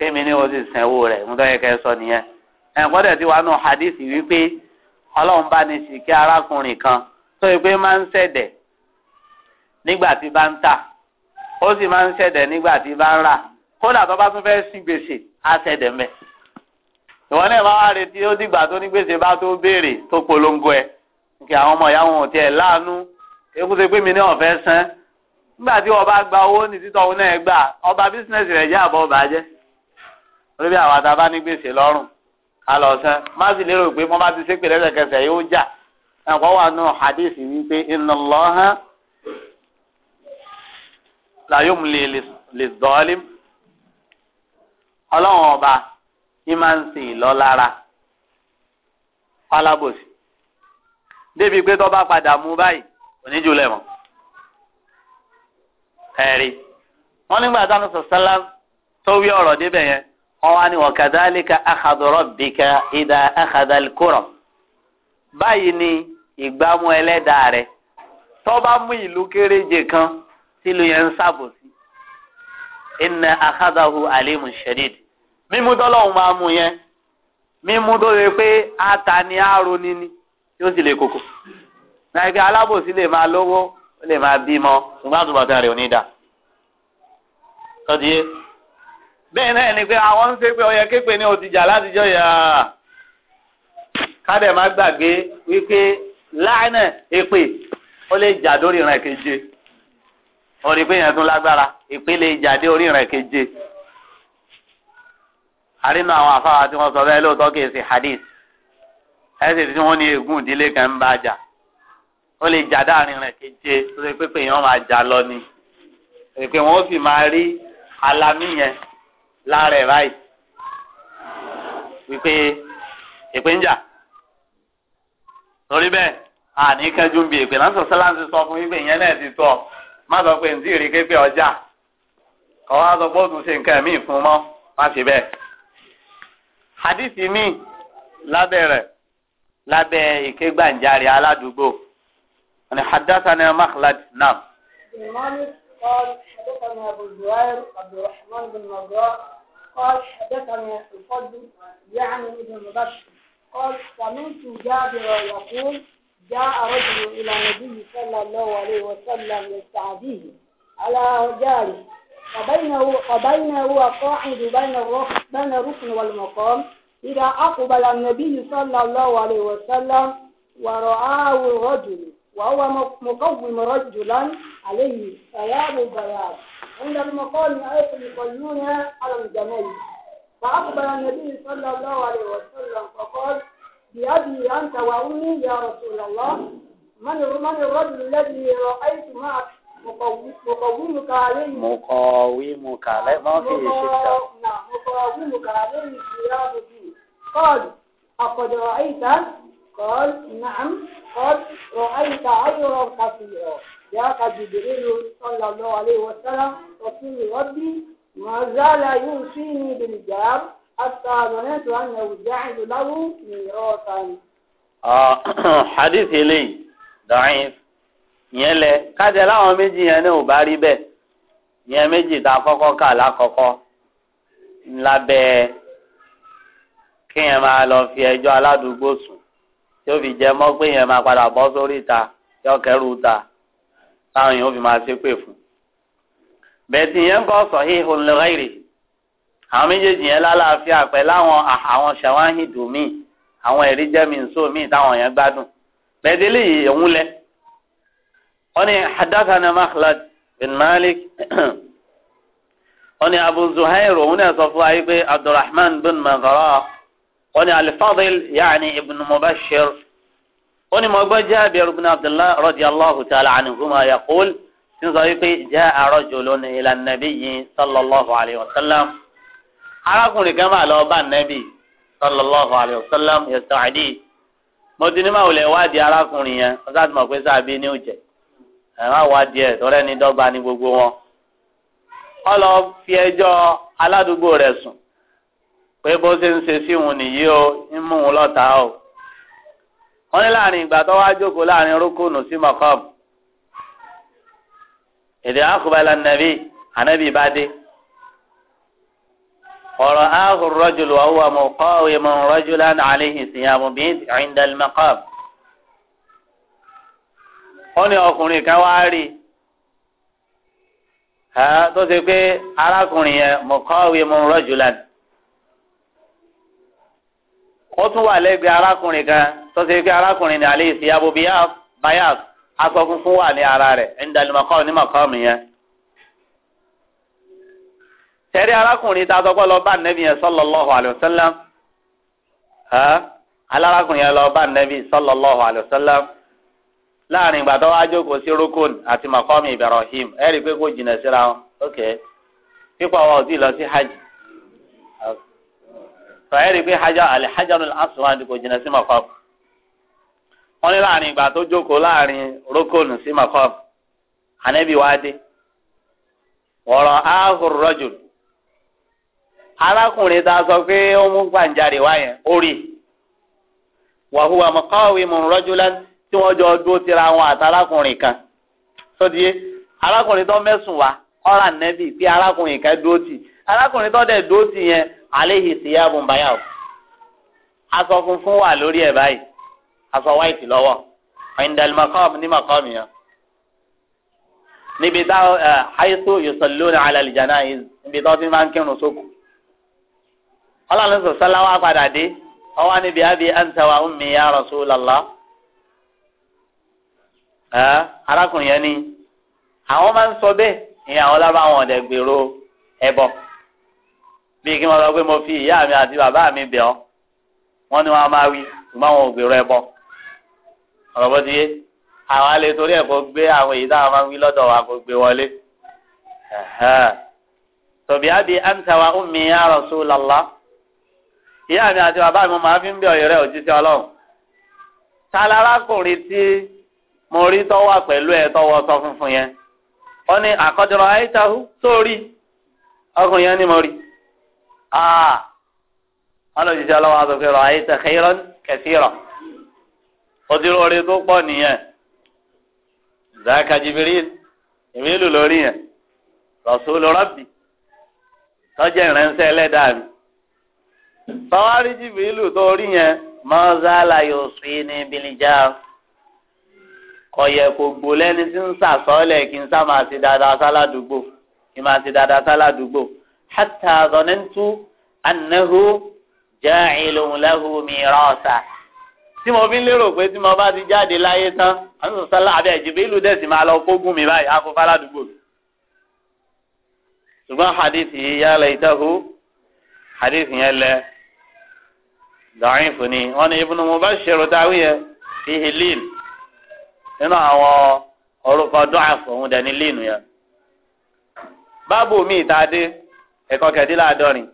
kémi ní o sì sẹ́wó rẹ̀ mo tọ́yẹ kẹ́ sọ nìyẹn. ẹ̀kọ́ dẹ̀ ti wà nù hadith wípé ọlọ́run bá ní sìkí arákùnrin kan tó yẹ pé máa ń ṣẹ̀dẹ̀ nígbà tí bá ń tà ó sì máa ń ṣẹ̀dẹ̀ nígbà tí bá ń rà kódà tó bá tún fẹ́ sí gbèsè á ṣẹ̀dẹ̀ mẹ́. ìwọ náà máa wá retí ó dìgbà tó ní gbèsè bá tó béèrè tó polongo ẹ̀ kí àwọn ọmọ ìyá wọn ò tiẹ̀ láàánú ekúse pé mi ní ọ̀fẹ́ sán nígbà tí ọba gba owó ní títọ́ òun náà gbà ọba bísínẹ́sì rẹ̀ jẹ́ àbọ̀ bàjẹ́ lórí àwọn àtàbá ní gbèsè lọ́rùn ká lọ san má sì lérò pé wọ́n bá ti ṣépè lẹ́sẹ̀kẹsẹ̀ yóò jà ẹ̀kọ́ wà nù hadith wípé inna Allaha la yumli liz-zalim ọlọ́run ọba yín máa ń sin ìlọ́lára pálábòsì débi pé tó bá padà mú báyìí oníjú lẹ́mọ̀ ẹ̀rí wọ́n nígbà táwọn sọ̀sálá tó wí ọ̀rọ̀ débẹ̀ yẹn ọwọ́ ni wọ́n kàdálíkà àkàdọ̀rọ̀ bìkà ìdá àkàdálíkùrọ̀ báyìí ni ìgbámú ẹlẹ́dàá rẹ̀ tọ́ba mú ìlú kéréje kan sílùú yẹn ń ṣàbòsí ìnà àkàdàhù àlímù ṣẹ̀díd mímú tọ́lọ́hún máa mú yẹn mímú tó ṣe pé ata ni àrò níní yóò sì lè koko náà alábòsí lè máa lówó lè máa bímọ ṣùgbọ́n àtúbọ̀tán rẹ̀ ò ní dà. sọ́dí yé. bẹ́ẹ̀ náà ni pé àwọn ń ṣe pé ọyẹ képe ní òtìjà látijọ́ yà á kádẹ má gbàgbé wípé láàánà èpè ó lè jà lórí ìran keje orí pé yẹn tún lágbára èpè lè jà dé orí ìran keje àrínú àwọn afárá tí wọ́n sọ bẹ́ẹ̀ lóòótọ́ kìí ṣe hadith ẹsẹ̀ tí wọ́n ní ègún ìdílé kan ń bá jà ó lè jà dáàrin keje pé pé yẹn lọ ni èpè wọn ó sì máa rí lára báyìí wípé ìpínjà torí bẹ́ẹ̀ àní kẹjú ń bi ìpè láti sọ́lá ti sọ fún wípé ìyẹn náà ti tọ̀ má sọ pé ǹdí ìrèké pé ọjà kọ́ sọ pé ó tún ṣe nǹkan míì fún mọ́ má ṣe bẹ́ẹ̀. hadith mi lábẹ́ rẹ̀ lábẹ́ ìkégbàǹjarè aládùúgbò ni hadathana makhlad nam. ìmọ̀ ní kọ́ ọ́ ṣe kọ́ni abu zuhair abdulrahman bin mazar. قال حدثني الفضل يعني ابن مبشر قال سمعت جابر يقول جاء رجل إلى النبي صلى الله عليه وسلم يستعديه على رجاله وبينه وبينه قاعد بين الركن بين الركن والمقام إذا أقبل النبي صلى الله عليه وسلم ورآه الرجل وهو مقوم رجلا عليه ثياب بياض عند المقام آية يصلونها على الجمال فأقبل النبي صلى الله عليه وسلم فقال بأبي أنت وأمي يا رسول الله من من الرجل الذي رأيت معك مقومك عليه مقاومك عليه ما في شدة نعم مقاومك عليه صيام الدين قال أقد رأيت قال نعم قد رأيت عيرا كثيرا ذاك جبريل صلى الله عليه وسلم رسول ربي ما زال يوصيني بالجار حتى ظننت أنه جعل له ميراثا حديث لي ضعيف yẹn lẹ kájẹ láwọn méjì yẹn ní ò bá rí bẹ́ẹ̀ yẹn méjì tá a kọ́kọ́ kà lákọ̀ọ́kọ́ lábẹ́ kéèyàn máa lọ fi ẹjọ́ aládùúgbò sùn tí ó fi jẹ mọ́ pé yẹn máa padà bọ́ sórí ta yọkẹrù ta táwọn èèyàn fi máa ṣe pé fún bẹẹsì yẹn kọ sọ híhu lọrẹrì àwọn méjèèjì yẹn lálàáfíà pẹ̀lú àwọn àwọn ṣàwáhìndù míì àwọn ẹ̀rí jẹmí nsó míì táwọn yẹn gbádùn bẹẹsì lè yẹ òun lẹ wọn ni hadathana makhlad bin malik wọn ni abu zuhair òun náà sọ fún wa yìí pé abdulrahman bin magara wọn ni alifadil yaani ibn mubashir ó ní mo gbọ́ Jabir ibn Abdullah radiyallahu ta'ala anhuma yaqul tí ń sọ wípé jaa rajulun ila nabiyyi sallallahu alayhi wa sallam arákùnrin kan máa lọ bá nàbì sallallahu alayhi wa sallam yasta'di mo ti ní máa wulẹ̀ wádìí arákùnrin yẹn wọ́n sáà ti mọ̀ pé sáàbí ní òjẹ̀ ẹ̀ má wádìí ẹ̀ tọ́rẹ́ ní dọ́gba ní gbogbo wọn. ó lọ fi ẹjọ́ aládùúgbò rẹ̀ sùn pé bó ṣe ń ṣe sí òun nìyí o ń mú òun lọ́ta o wọ́n ní láàrin ìgbà tó wá jókòó láàrin rúkúnù sí mọ̀kọ́m èdè àkùbálà nàbí ànábì bá dé ọ̀rọ̀ ahùn rọ́jùlù àwọn ọmọ kọ́wé mọ̀ rọ́jùlù àná àléhìn ìsìnyàmù bíi ìndàlmọ́kọ́m wọ́n ní ọkùnrin kan wá rí tó ṣe pé arákùnrin yẹn mọ̀kọ́wé mọ̀ rọ́jùlù àná. ó tún wà lẹ́gbẹ̀ẹ́ arákùnrin kan tó ṣe pé arákùnrin ní alẹ́ ìsì abo aṣọ funfun wà ní ara rẹ̀ ẹ̀ńdàlùmọ̀kọ́ ní mọ̀kọ́mù yẹn. tẹ̀rí arákùnrin tá a sọ pé lọ bá nẹ́bí yẹn sallallahu alaihi wasallam alárakùnrin yẹn lọ sallallahu láàrin ìgbà tó sí rukun àti Ibrahim ẹ̀rí pé kò jìnnà síra wọn ok pípọ̀ wọn ò tí hajj sọ̀yẹ́rì pé alhajarul aswad kò jìnnà sí makọ́b wọn ní láàrin ìgbà tó jókòó láàrin rókòlù sí makọ́b Wọrọ, wọ̀rọ̀ ahur rajul sọ pé ó mú gbàǹjarè wá yẹn ó rí wa huwa tí jọ dúró tira wọn kan tó wá pé aléhi síyáàbùn báyàwó aṣọ funfun wà lórí ẹ̀ báyìí aṣọ wáìtì lọ́wọ́ ọ̀yìndàlì makọ́m ní makọ́m yẹn níbi tá àìsù yòsàlónì alàlìjànà yìí níbi tó ti máa ń kírun sóko ọlọ́run sọ sọ́lá wa padà dé ọwọ́ níbi àbí àǹtà wa ń mi ya Rasulullah arákùnrin yẹn ni àwọn máa ń sọ bẹ́ẹ̀ ìyẹn àwọn lábàá àwọn ọ̀dẹ̀ gbèrò bíi kí wọn lọ pé mo fi ìyá mi àti bàbá mi bẹ̀ ọ́ wọ́n ní wọn máa wí ṣùgbọ́n àwọn ògbèrò ẹ̀ bọ̀ ọ̀rọ̀ bó ti yé àwọn alẹ́ torí ẹ̀ kó gbé àwọn èyí táwọn máa ń wí lọ́dọ̀ wa kó gbé wọlé. tòbí àbí anta wa ummi ya Rasulullah ìyá mi àti bàbá mi máa fi ń bẹ̀ ọ̀yẹ̀rẹ̀ òjíṣẹ́ ọlọ́run tálárakùnrin tí mo rí tọ́wọ́ pẹ̀lú ẹ̀ tọ́wọ́ sọ funfun yẹn wọ́n ní àkọ́jọ́rọ̀ àìtàhù sórí ọkùnrin yẹn ni mo rí wọn lọ jíjẹ ọlọ́wọ́ àtọ̀kẹ́ rọ ayé tẹ̀kẹ́rọ kẹsìrọ òdìrò orin tó pọ̀ nìyẹn zaka jibiril ìmílù lórí yẹn rọ̀ṣúlù rọ́bì tọ́jú ìrẹ́nsẹ́ ẹlẹ́dàá mi báwárí jibiril tó rí yẹn mọ́sálà yóò sùn ní bìlìjà kọ̀yẹ̀ kò gbò lẹ́ni tí ń sàsọ́ọ́lẹ̀ kí n sá máa ti dáadáa sáládùúgbò kí n máa ti dáadáa sáládùúgbò. حتى ظننت أنه ja'ilun له ميراثا. tí mo fi ń lérò pé tí mo bá ti jáde láyé tán àwọn sọsọlá àbí ẹjìbí ìlú dẹsí máa lọ kógun mi báyìí afọfá ládùúgbò ṣùgbọ́n hadith yìí yálẹ ìtàkù hadith yẹn lẹ dọ̀rin fún ni wọn ni ibùdó mo bá ṣèrò táwí yẹn fi hilil nínú àwọn orúkọ dọ́àfọ̀ òun dẹni líìnù yẹn báàbò mi ìta dé ẹ̀kọ́ kẹ̀dínláàdọ́rin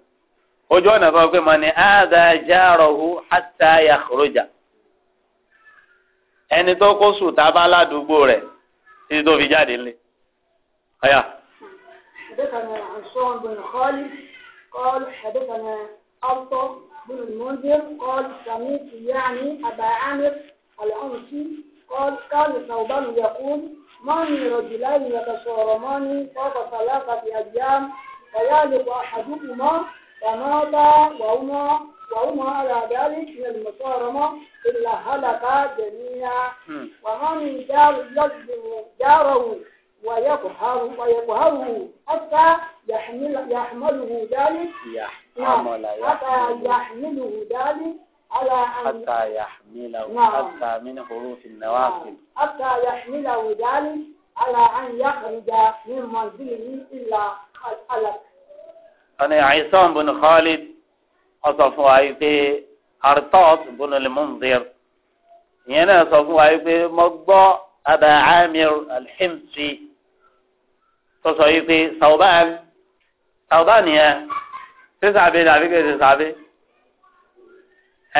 ojú ọ̀nà kan pé mọ ni áàdà járọ̀hu hatta yakhruja ẹni tó kó sùtá bá ládùúgbò rẹ̀ títí tó fi jáde ńlẹ̀. ọ̀yà. حدثنا عصام بن خالد قال حدثنا ألطف بن المنذر قال سمعت يعني أبا عامر الأنصي قال كان ثوبان يقول من رجلان يتصارمان فوق ثلاثة أيام ويالب أحدهما فمات وهما وهما على ذلك من المصارمة إلا هلك جميعا وما من دار يجبر داره ويقهره ويقهره حتى يحمل يحمله ذلك يحمل حتى يحمله ذلك على أن حتى يحمله حتى من حروف النوافل حتى يحمله ذلك على أن يخرج من منزله إلا ọ̀nà àìsàn bùnú Khalid ọ̀sọ̀ fún wa yìí pé artọ́t bùnú limundir ìyẹn náà sọ fún wa yìí pé mo gbọ́ Aba Amir al-Himsi tó sọ yìí pé Sauban Sauban yẹn ṣé sàbẹ̀ dàbí kẹ́sì sàbẹ̀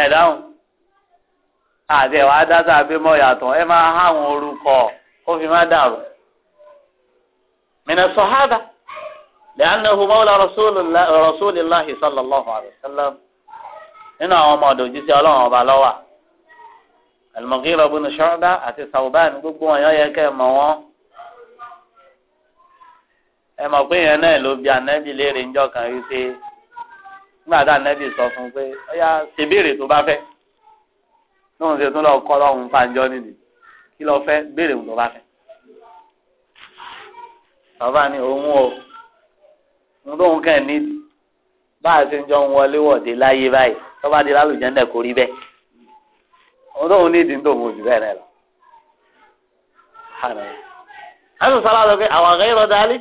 ẹ̀ dáhùn àti ẹ̀wà dáta pé mọ̀ yàtọ̀ ẹ máa háwọn orúkọ ó fi máa dàrú mìnà sọ̀hábà lẹ́yìnáhu mọ́wúlá rasulillahi sallallahu alayhi wa sallam nínú àwọn ọmọ ọ̀dọ̀ òjíṣẹ́ ọlọ́run ọba lọ́wà al-Mughira ibn Shu'ba àti Thawban gbogbo wọn yọ yẹ kẹ́ ẹ mọ̀ wọ́n ẹ mọ̀ pé yẹn náà ló bi ànábì léèrè ńjọ́ kan rí pé nígbà tá ànábì sọ fún un pé ó yá ṣèbéèrè tó bá fẹ́ lóun ṣe tún lọ kọ́ lọ́hùn fàǹjọ́ nìdí kí lọ fẹ́ béèrè òun tó bá fẹ́ Thawban ní òun o ń lóun kàn ní bá a ṣe ń jọ ń wọlé wọ̀de láyé báyìí tó bá di lálùjẹ́ náà kò rí bẹ́ẹ̀ òun lóun ní ìdí ń tòun òjì bẹ́ẹ̀ náà lọ. ẹnu sọ́lá sọ pé àwọn àgbẹ̀ yọ̀rọ̀ dalí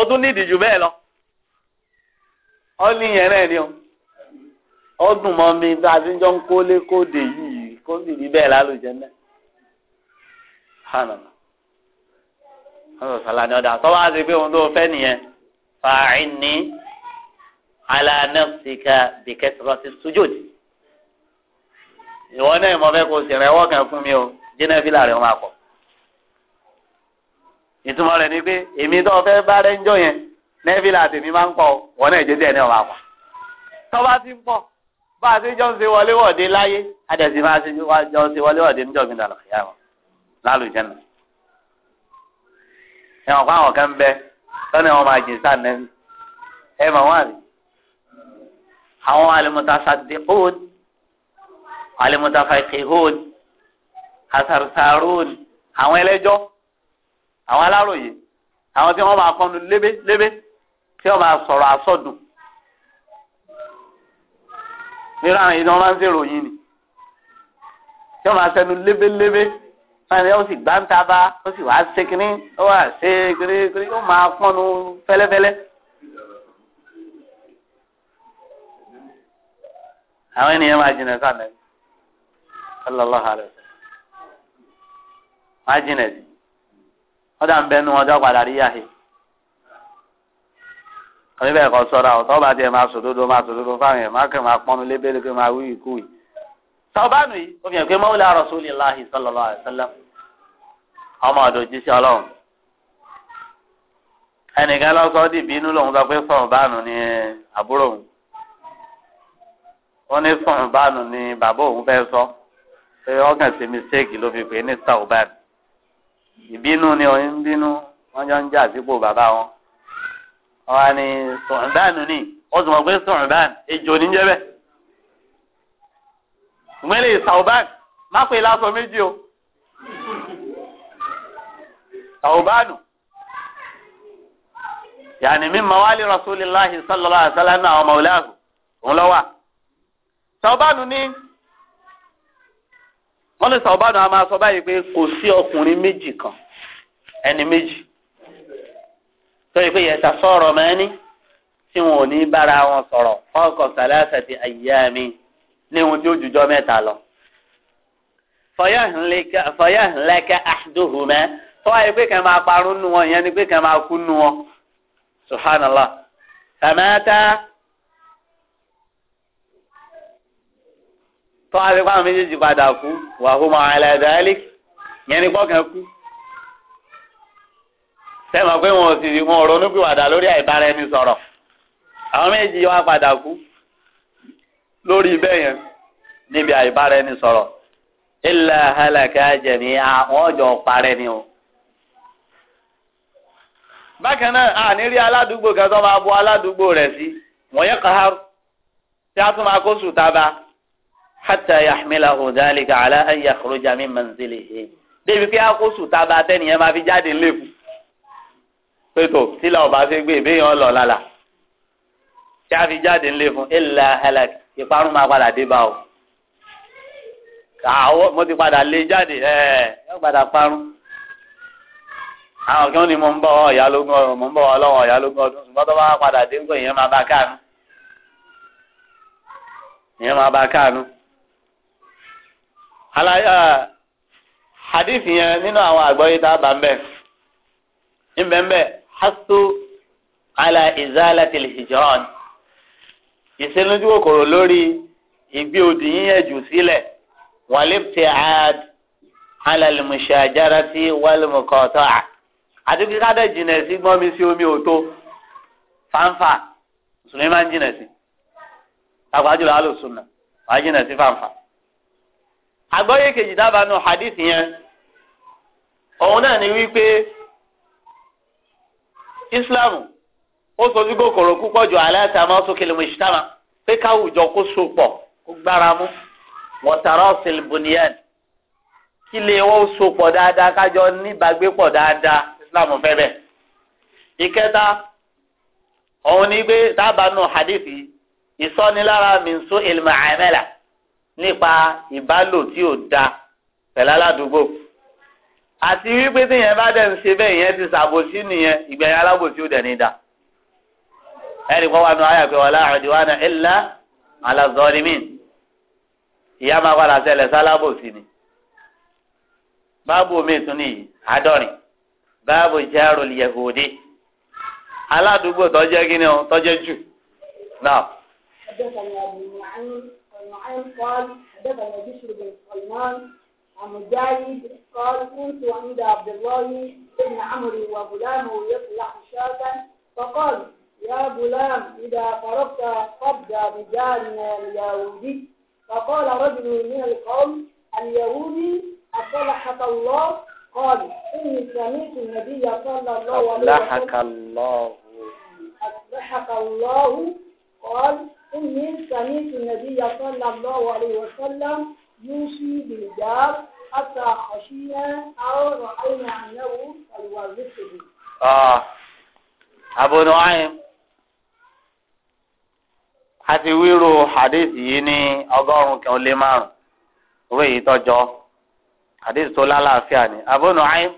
ọdún ní ìdí jù bẹ́ẹ̀ lọ ọ ní yẹn náà ni o ọ dùn mọ́ mi bá a ṣe ń jọ ń kólé kóde yìí kó sì rí bẹ́ẹ̀ lálùjẹ́ náà hànà ọ̀sán làní ọ̀dà tọ́wọ́ á ṣe pé òun tó fẹ́ nìyẹn fàáìní alánàfíkà bìkẹ́sìrọ́sì sùjúdì ìwọ náà mọ̀ fẹ́ kó sì rẹ̀ wọ́n kan fún mi o jẹ́nà fílà rẹ̀ máa pọ̀ ìtumọ̀ rẹ̀ ni pé èmi tó fẹ́ bá rẹ̀ ń jọ yẹn nẹ́fìlà tèmi máa ń pọ̀ wọ́n náà jẹ́ díẹ̀ náà máa pọ̀ tọ́ba ti ń pọ̀ bá a ti jọ ń ṣe wọlé láyé adẹ̀sí máa ṣe jọ ń ṣe wọlé wọ̀de níjọ́ mi dàlọ́ ìyá wọn lálùjẹ́ náà ẹ̀wọ̀n kan bẹ́ẹ̀ lọ́nà àwọn máa jìn sáà nẹ́bí ẹ mà wá rí àwọn alimutasaddiqun alimutafaqihun asartarun àwọn ẹlẹ́jọ́ àwọn aláròyé àwọn tí wọ́n máa kọ́nu lébé lébé tí wọ́n máa sọ̀rọ̀ àsọdùn nínú àwọn ìdánwò máa ń ṣèròyìn ni tí wọ́n máa sẹ́nu lébé lébé wọn yóò sì gbá ń ta bá ó sì wá ṣe kínní ó wà ṣe kínní kínní ó máa pọ́nnu fẹ́lẹ́fẹ́lẹ́. àwọn ènìyàn máa jìnnà sí àná sallallahu alaihi wasallam máa jìnnà sí wọn dà ń bẹnu ọjọ́ padà rí yàhé àbí bẹ́ẹ̀ kọ́ sọ́ra ọ̀tọ́ bá tiẹ̀ máa sòdodo máa sòdodo fáwọn yẹn máa kẹ́ máa pọ́nnu lébélé kí máa wí ìkú yìí. sọ́bánu yìí ó fi hàn pé mọ́wúlẹ̀ Rasulullahi sallallahu alaihi wasallam ọmọ ọdọ jíṣẹ́ Ọlọ́run ẹnìkan lọsọ dìbínú lòun sọ pé sọrùn báànù ni àbúrò òun ó ní sọrùn báànù ni bàbá òun fẹ́ sọ pé ọkàn sí mistake ló fi pè ní sàùbàn ìbínú ni òun ń bínú wọn jọ ń jà sípò bàbá wọn wọn á ní sọrùn báànù ni ó sì mọ pé sọrùn báànù ejò níjẹ bẹ ìmọ̀lẹ́ sàùbàn má pè lásán méjì o. tàwùbánù yàní mi mma rasulillahi sallallahu alaihi wa sallam àwọn mawulahu òun lọ wà tàwùbánù ní wọ́n lè a máa sọ báyìí pé kò sí ọkùnrin méjì kan ẹni méjì tó pé yẹta sọ̀rọ̀ mẹ́ni tí wọn ò ní bára wọn sọ̀rọ̀ ọkọ̀ tí ó jùjọ mẹ́ta lọ. fọyọ́ tọ́wá yìí pé kẹ́ máa parun nu wọn ìyẹn ni pé kẹ́ máa kú nu wọn subhanallah tàmátà tọ́wá yìí pé àwọn méjèèjì padà kú wàhùn mọ́ àìlẹ́dàálì ìyẹn ni pọ́kàn kú sẹ́wọ̀n pé wọn ò sì wọn ò ronú pìwàdà lórí àìbára ẹni sọ̀rọ̀ àwọn méjì wá padà kú lórí bẹ́ẹ̀ yẹn níbi àìbára ẹni sọ̀rọ̀ ilẹ̀ halakẹ́ ajẹ̀mí àwọn ọjọ́ parẹ́ ni o bákan náà a ní rí aládùúgbò kan tó máa bu aládùúgbò rẹ̀ sí wọ́n yẹ kàhárù tí a tún máa kó sùtà bá hàtà yahmilahu dhalika ala an yakhruja min manzilihi débi pé a kó sùtà bá tẹ́nìyẹn máa fi jáde lẹ́kù pétò tílà ọba fi gbé ìbéyàn lọ lálà tí a fi jáde ńlẹ fún illa ìparun máa padà dé bá o àwọn mo ti padà lé jáde ẹ ẹ padà parun àwọn kí wọ́n ní mo ń bọ̀ ọ́ ìyá lógún ọ̀run mo ń bọ̀ ọ́ ọlọ́wọ́n ìyá lógún ọdún ṣùgbọ́n tó bá padà dé ńkọ ìyẹn máa bá káàánú ìyẹn máa bá káàánú. hadith yẹn nínú àwọn àgbọ̀yé tá a bá ń bẹ̀ ń bẹ̀ hasu ala izalati alhijran ìṣẹ́lójú kòkòrò lórí ìgbé òdì yíyẹn jù sílẹ̀ wàlíbtì àd ala almushajarati àti kí kádẹ jìnà sí gbọ́n mi sí omi òtó fanfa mùsùlùmí máa ń jìnà sí àgbájọ làálù sùnà wàá jìnà sí fanfa. àgbọ́yé kejì dábàá nù hadith yẹn òun náà ni wípé islam ó sojú kòkòrò púpọ̀ ju aláàtà amásókè lè mú ìṣítàmà pé káwùjọ kó so pọ̀ kó gbára mú wọ̀tàrà ọ̀sìn bùnìyàn kí lè wọ́n so pọ̀ dáadáa kájọ níbàgbé pọ̀ dáadáa láàmú fẹ́ bẹ́ẹ̀. ìkẹta òun ni pé dábàá nù hadith yìí ìsọnilára mìínsó ìlmọ̀ àmẹ́là nípa ìbálò tí ò da pẹ̀lú aládùúgbò àti wípé tíyẹn bá dẹ̀ ń ṣe bẹ́ẹ̀ ìyẹn ti ṣàbòsí nìyẹn ìgbẹ̀yìn alábòsí ò dẹ̀ ní da ẹnì kan wà nù ayà pé wàlá àdìwánà ẹ̀là alazọ́ọ̀lìmín ìyá máa padà ṣẹlẹ̀ sálábòsí ni báàbò mi tún nìyí àádọ́rin báàbò járó yahudi aládùúgbò tọjẹ gíní o tọjẹ jù náà. حدثنا ابن نعيم ونعيم قال حدثنا بن سلمان عن مجاهد قال كنت عند عبد الله بن عمرو وغلامه يطلع شاة فقال يا غلام إذا فرغت قبض رجالنا اليهودي فقال رجل من القوم اليهودي أصلحك الله قال إني سمعت النبي صلى الله عليه وسلم أصلحك الله أصلحك الله قال إني سمعت النبي صلى الله عليه وسلم يوصي بالجار حتى خشينا أو رأينا أنه الوظيفة آه أبو نعيم àti wíru hadith yìí ní ọgọ́rùn-ún kan lé márùn-ún orí èyí tọ́jọ́. hadith tó lálàáfíà ni Abu Nu'aym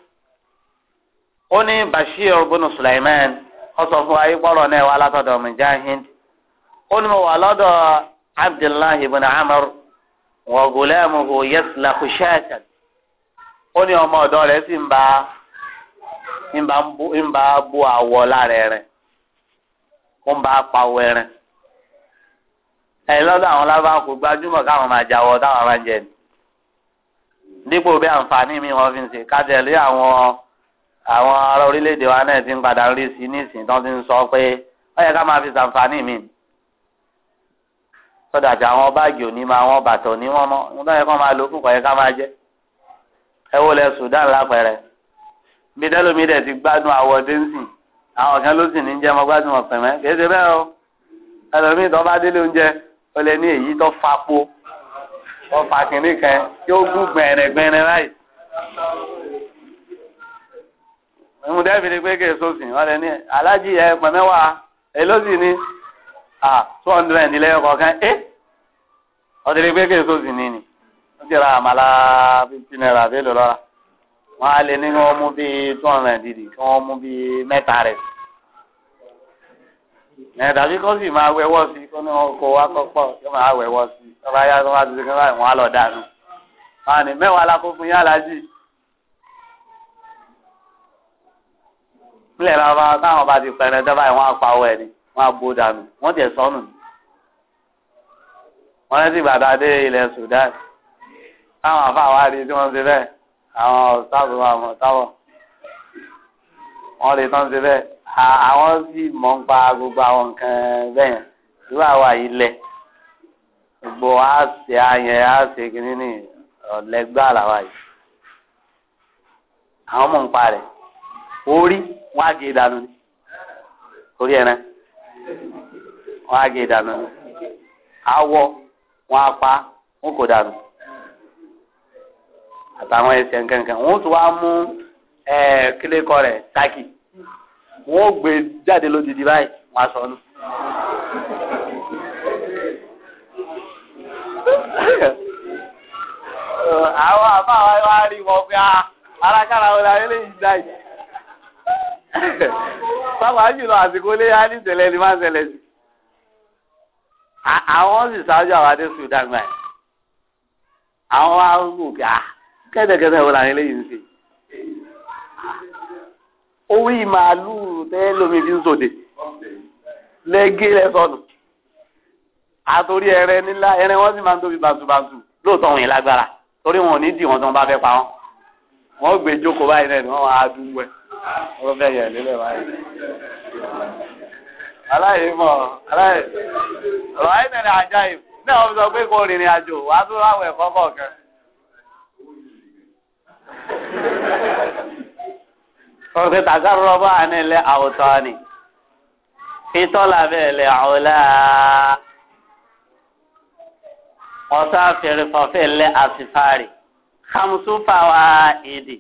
ó ní Bashir bin Sulaiman ó sọ fún ayé pọ́rọ̀ náà wà látọ̀dọ̀ Mujahid ó ní mo wà lọ́dọ̀ Abdullahi ibn Amr wa gulamuhu yaslahu shatan ó ní ọmọ ọ̀dọ́ rẹ̀ sì ń bá ń bá bu àwọ̀ lára rẹ̀ ó ń bá dípò bí àǹfààní mi wọn fi ń ṣe kájẹlé àwọn àwọn ará orílẹ̀-èdè wa náà ti ń padà rí sí nísìn tó ti ń sọ pé ó yẹ ká máa fi ṣàǹfààní mi sọdọ̀ àti àwọn báàgì òní máa wọn bàtọ̀ ní wọn mọ́ nígbà yẹn kó máa lo fún kọ̀yẹ́ ká máa jẹ́ ẹ wo lẹ Sudan lápẹẹrẹ bí dẹ́lómi dẹ̀ ti gbádùn àwọ̀ déńsì àwọn kan ló sì ní jẹ́ mọ́ gbádùn ọ̀pẹ̀mẹ́ kì í ṣe bẹ́ẹ̀ o ẹlòmíì tó bá délé oúnjẹ ó lè ní èyí tó fapo ọfà kìnní kan yóò gún gbẹ̀rẹ̀gbẹ̀rẹ̀ láì. ìmú dẹ́bìrì pé kí èso sìn wọ́n lè ní aláàjì ẹ̀ pẹ̀mẹ́wàá èló sì ní two hundred lẹ́yìn kọ̀ọ̀kan ẹ́ ọ̀dẹ̀rẹ̀ pé kí èso sìn ní ni wọ́n ti ra àmàlà fifteen naira bẹ́ẹ̀ lọ́ra wọ́n á lè ní kí wọ́n mú bíi two hundred dìdì kí wọ́n mú bíi mẹ́ta rẹ̀ sí ẹ máa wẹwọ sí kó ní wọn kó wá kọpọ kó máa wẹwọ sí tọ́ba yá tó wá ti báyìí wọ́n á lọ dànù. wọ́n á ní alákó fún yín aláàjì. pílẹ̀ bàbá táwọn bá ti pẹ̀rẹ̀ tọ́ba yìí wọ́n á pa owó ẹ̀ ni wọ́n á bó dànù wọ́n tiẹ̀ sọnù. wọ́n lẹ́sìn gbàdá dé ilẹ̀ Sudan. táwọn afáwa rí tí wọ́n ti bẹ́ẹ̀ àwọn sáàbù àwọn táwọ̀ wọ́n lè tán ti bẹ́ẹ̀ àwọn sì mọ̀ ń pa gbogbo àwọn nǹkan bẹ́ẹ̀ yẹn irú àwa yìí lẹ̀ gbogbo àṣẹ àyẹn àṣẹ kìíní ní ọ̀lẹ́gbẹ́ àlàwà yìí àwọn mọ̀ ń parẹ́ orí wọn á gé ìdánù ni orí ẹ̀rẹ́ wọn á gé ìdánù ni awọ wọn á pa wọn kò dànù àtàwọn ẹsẹ̀ nkankan wọn tún wá mú kílẹ̀kọ rẹ̀ tákì wọn ò gbé jáde lódìdí báyìí wọn á sọ àwọn àbáwá wá rí wọn pé ah, alákàrà wọn làwọn eléyìí dá yìí pápá jùlọ àsìkò lé á ní ìṣẹ̀lẹ̀ ni máa ń sí àwọn sì ṣáájú àwọn adé sùn àwọn arúgbó gà kẹ́tẹ̀kẹ́tẹ̀ wọn làwọn eléyìí ń ṣe owó ìmàlúù tẹ́ lómi fi ń sòdè lẹ́gẹ́rẹ́ àtòrí ẹrẹ nílá ẹrẹ wọn sì máa ń tóbi bàtúbàtú lóòótọ́ wọn yẹn lágbára torí wọn ò ní dì wọn tó ń bá fẹ́ pa wọn wọn gbé jókòó báyìí náà ni wọn máa dùn wẹ wọn fẹ́ yẹ lélẹ̀ báyìí. aláyé mọ aláyé ọ̀rọ̀ ayé tẹ̀lé ajá yìí náà wọ́n sọ pé kò rìnrìn àjò wàá tó láwọn ẹ̀kọ́ kọ̀ọ̀kan. Kọ̀ọ̀kan tàkà rọ́bà ní àwòtán ni. Fitọ́lá bẹ́ẹ̀ lẹ̀ ọ̀la ọ̀sá fẹ̀rẹ̀fọ̀fẹ̀ lẹ́ àfifárì hamusufa wa èdè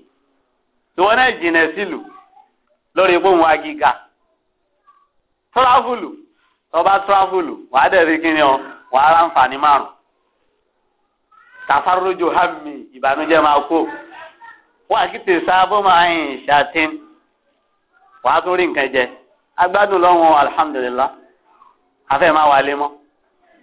tí wọ́n náà jìnà sílù lórí bóun wa gíga tíráfùlù tọba tíráfùlù wà á dẹ̀rí kí ni ọ wà á ránfààní márùn tàfàrójò hàmì ìbànújẹ́ máa kó wà á kìtì sábó máa ń ṣàtìn wà á tún rí nǹkan jẹ agbádùn lọ́wọ́ alhamdulillah afẹ́ máa wà lé mọ́.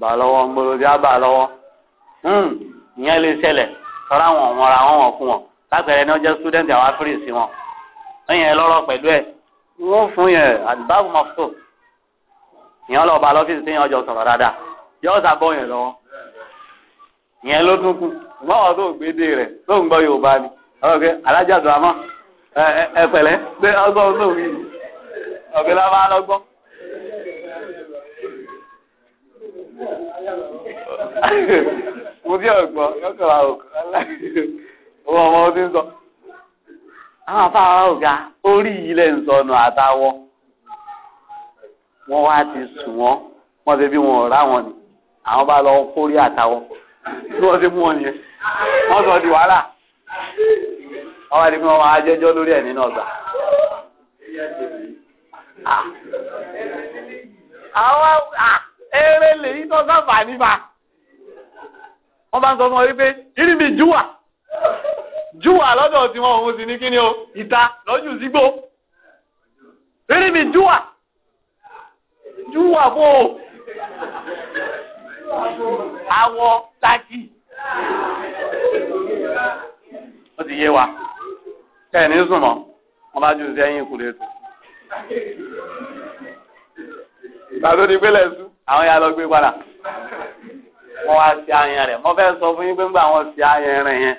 bà lọ́wọ́ mbolodi á bà lọ́wọ́ ìyẹn lè ṣẹlẹ̀ tọ́ra wọn wọn ra wọn wọn fún wọn lápẹẹrẹ ní ọjọ́ student àwọn afirisi wọn ẹ̀yìn lọ́rọ̀ pẹ̀lú ẹ̀ wọ́n fún yẹn àdìbáàbò mọ́tò ìyẹn lọ́ọ́ bá lọ́fíìsì tí yẹn ọjọ́ sọ̀rọ̀ dáadáa yọ́ọ́ sábọ́ yẹn lọ́wọ́ ìyẹn ló tún kù ṣùgbọ́n àwọn tó gbédè rẹ̀ tó ń gbọ́ Yorùbá ni ọ̀rọ̀ pé alájà dùn àmọ́ ẹ pẹ̀lẹ́ pé ọgbọ́n tó wí ọ̀gbẹ́ lábá lọ́gbọ́n. mo tí ọ̀gbọ́n yọkànlá òkú ọmọ ọmọ ọdún sọ. àwọn afáwa ọ̀gá orí ilẹ̀ ń àtàwọ̀ wọ́n wá ti sùn wọ́n wọ́n ti bí wọn ò wọn ni àwọn bá lọ kórí àtàwọ̀ bí wọ́n ti mú wọn nìyẹn wọ́n sọ di wàhálà ọwọ́ ẹni pé wọ́n máa lórí ẹ̀ nínú ọgbà. Ah. àwọn eré lèyí tó sáfà nípa wọ́n bá ń sọ fún ọ wípé irin mi júwà júwà lọ́dọ̀ tí wọ́n òun sì ní kíni o ìta lọ́jù sígbó irin mi júwà júwà bó o awọ taki ó ti yé wa kẹ́ẹ̀ ní sùn mọ́ wọ́n bá jù sí ẹ̀yìn ìkúlẹ̀ tó. ìgbà tó di pé lẹ́sùn. àwọn yà lọ gbé padà wọn wá sí ayẹn rẹ mọ fẹ sọ fún yín pé ńgbà wọ́n sí ayẹn rẹ̀ yẹn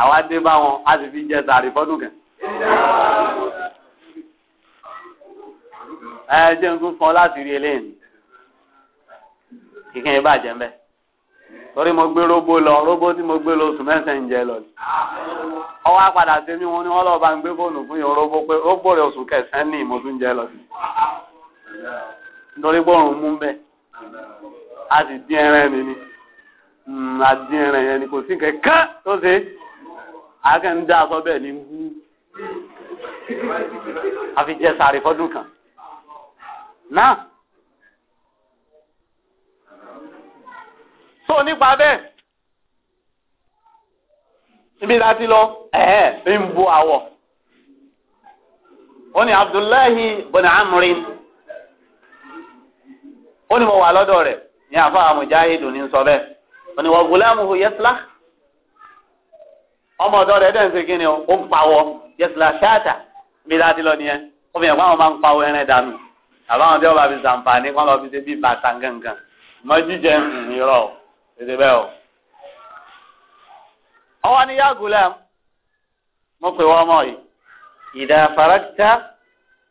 àwa dé bá wọn a sì fi jẹ sàrí fọ́dún kan. ẹ jẹ́ tún láti rí eléyìí kíkẹ́ yín bàjẹ́ mbẹ́ torí mo gbé róbó lọ tí mo gbé lọ oṣù ń jẹ lọ ni ọwọ́ apàdà wọn ni bá ń a sì dín ẹran ni ni hmm, a dín ẹran yẹn ni kò sí kankan tó ṣe akẹ́ni dá aṣọ bẹ́ẹ̀ ni ń hú a fi jẹ sàárè fọdún kan náà. tó nípa bẹ́ẹ̀ ibi láti lọ ẹ̀ẹ́ ń bu àwọ̀ ó ní Abdullahi bọ̀nà amúrin. ó ní mo wà lọ́dọ̀ rẹ̀ ní àfa àmùjáhìdù ní sọ bẹ́ẹ̀ ó ní wọ́n gùlámù yẹ́sìlá ọmọ ọ̀dọ́ rẹ̀ dẹ̀ ń ṣe kí ni ó ń pawọ́ yẹ́sìlá ṣáàtà bí láti lọ nìyẹn ó fi hàn pé àwọn máa ń pawọ́ ẹran dànù àbáwọn tí wọ́n bá fi ṣàǹfààní wọ́n lọ fi ṣe bí bàtà gangan mọ jíjẹ ìrọ̀ tètè bẹ́ẹ̀ o. ọwọ́ ni yá gùlámù mo pè wọ́n mọ̀ yìí ìdá farakta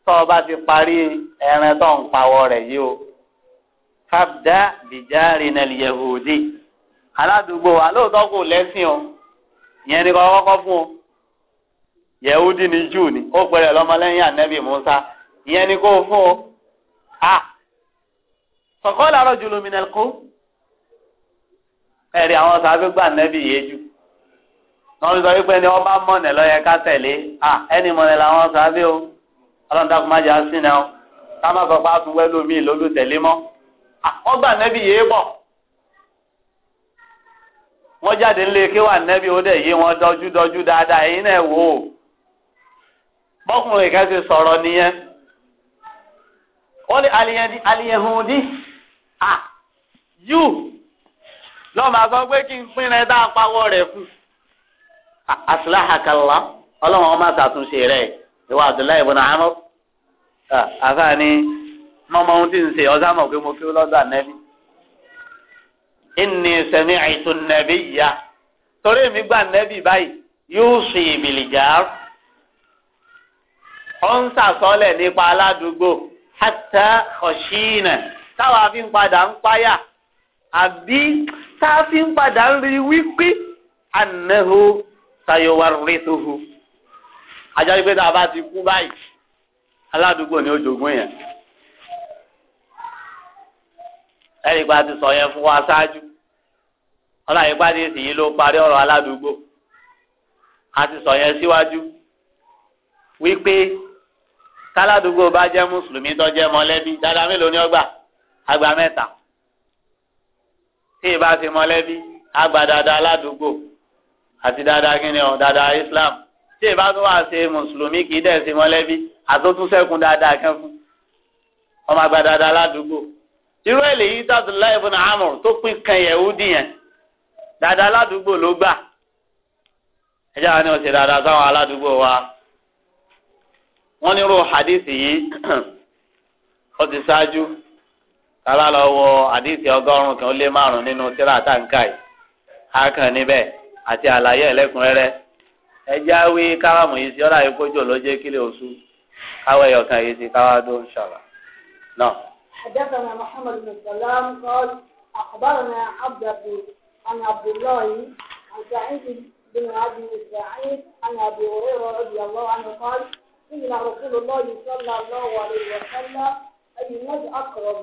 tó o bá ti parí ẹran tó ń pawọ́ rẹ̀ yìí o fabda bìjáre nàlì yahudi aládùúgbò wa lóòótọ́ kò lẹ́sìn o ìyẹn ni kò kọ́kọ́ fún o yahudi ni jù ni ó pẹ̀lẹ́ lọ́mọlẹ́yìn ànẹ́bí musa ìyẹn ni kò fún o a sọ̀kọ́ làárọ̀ jùlọ mi nàlẹ́ kó ẹ̀rí àwọn sábẹ́ gbà ànẹ́bí yẹn jù wọ́n sọ wípé ni ọba mọ̀nẹ̀ lọ́yẹ ká tẹ̀lé à ah! ẹni mọ̀nẹ̀ làwọn sábẹ́ o ọlọ́run dákun má jà ká má sọ pé àtúwẹ́ lómi lólùtẹ̀lé mọ́ ọgbà nẹ́bí yéé bọ̀ wọ́n jáde ńlẹ̀ kí wà nẹ́bí ó dẹ̀ yé wọn dọ́jú dọ́jú dáadáa ẹ̀yin náà wò ó bọ́kùnrin kan ti sọ̀rọ̀ nìyẹn wọ́n ní aliyahudi ah you lọ́mọ àgbọ̀ pé kí n pín rẹ dá apáwọ́ rẹ̀ fún ọlọ́run ọmọ àtàtúnṣe rẹ̀ ìwà n'i. mọ mọ ohun tí ń ṣe ọ̀sán mọ̀ pé mo kí ó lọ́dọ̀ ànẹ́bí. ìní sẹ́mi àìsùn nẹ̀bí yá torí èmi gbà nẹ́bí báyìí yóò ṣe ìbìlìjà. ó ń sàsọ́lẹ̀ nípa aládùúgbò hàtà ọ̀ṣìnà táwa fi ń padà ń páyà àbí tá a fi ń padà ń rí wípé ànáhó sayọwà rètòhó. ajá wípé tá ti kú báyìí aládùúgbò ni ó jogún yẹn ẹnì pa ti sọ yẹn fún wa ṣáájú ọlọ́run ipá ti sì yín ló parí ọ̀rọ̀ aládùúgbò a ti sọ yẹn síwájú wípé káládùúgbò bá jẹ́ mùsùlùmí tó jẹ́ mọ̀lẹ́bí dáadáa mélòó ni ọgbà àgbà mẹ́ta tí ì bá ti mọ̀lẹ́bí àgbà dáadáa aládùúgbò àti dáadáa kí ni dáadáa Islam tí ì bá tó wà ṣe mùsùlùmí kì í dẹ̀ ṣe mọ̀lẹ́bí àtúntúnṣẹ́kùn dáadáa kẹ́fún ọmọ àgbà dáadáa aládùúgbò. irú eléyìí Abdullahi ibn Amr tó pín kan Yẹhudi yẹn dáadáa aládùúgbò ló gbà ẹjẹ àwọn ènìyàn ti dáadáa sáwọn aládùúgbò wa wọ́n nírú hadith yìí ó ti ṣáájú kálá lọ wọ ọgọ́rùn kan ó lé márùn nínú yìí akàn níbẹ̀ àti àlàyé ẹlẹ́kùnrẹ́rẹ́ awé káràmù yìí sí ló oṣù حدثنا محمد بن سلام قال أخبرنا عبد عن عبد الله عن سعيد بن عبد سعيد عن أبي هريرة رضي الله عنه قال إن رسول الله صلى الله عليه وسلم أي الناس أكرم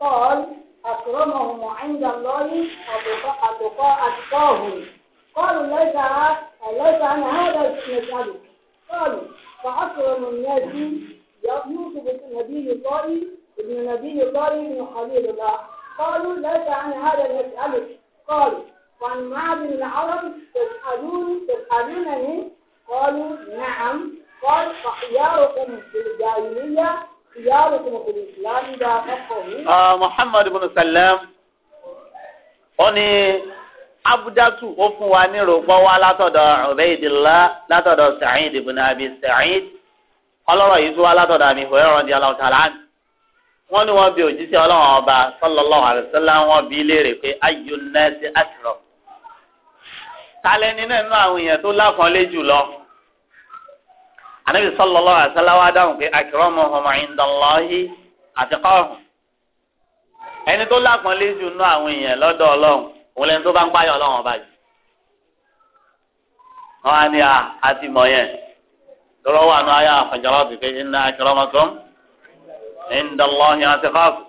قال أكرمهم عند الله أتقاهم قالوا ليس ليس عن هذا نسألك قالوا فأكرم الناس يوسف النبي الله ابن نبي الله بن خليل الله قالوا لك عن هذا نسألك قالوا وعن معاذ بن العرب تسألون تسألونني قالوا نعم قال فخياركم في الجاهلية خياركم في الإسلام إذا فقهوا آه محمد بن سلام أني abudatu ó fún wa ní rògbọ́ wá látọ̀dọ̀ Ubaydillah látọ̀dọ̀ Sa'id ibn Abi Sa'id ọlọ́rọ̀ yìí tún wá látọ̀dọ̀ àmì ìhòòhò di aláwọ̀ tàlàní wọn ni wọn bi òjíṣẹ́ ọlọ́run ọba sọlọlọ alaihi wọn wọ́n bi léèrè pé ayu nẹ́ẹ̀sì àtìrọ̀ talẹ́ni náà nínú àwọn èèyàn tó láfọ́nlé jù lọ anabi wa dáhùn pé ẹni tó jù nínú àwọn èèyàn òun lẹni tó bá ń ọba jù á ní ah, a àti mọ̀ yẹn lọ́wọ́ wà ayé ẹnìdọ́lọ́hìn àtẹ̀fáàfù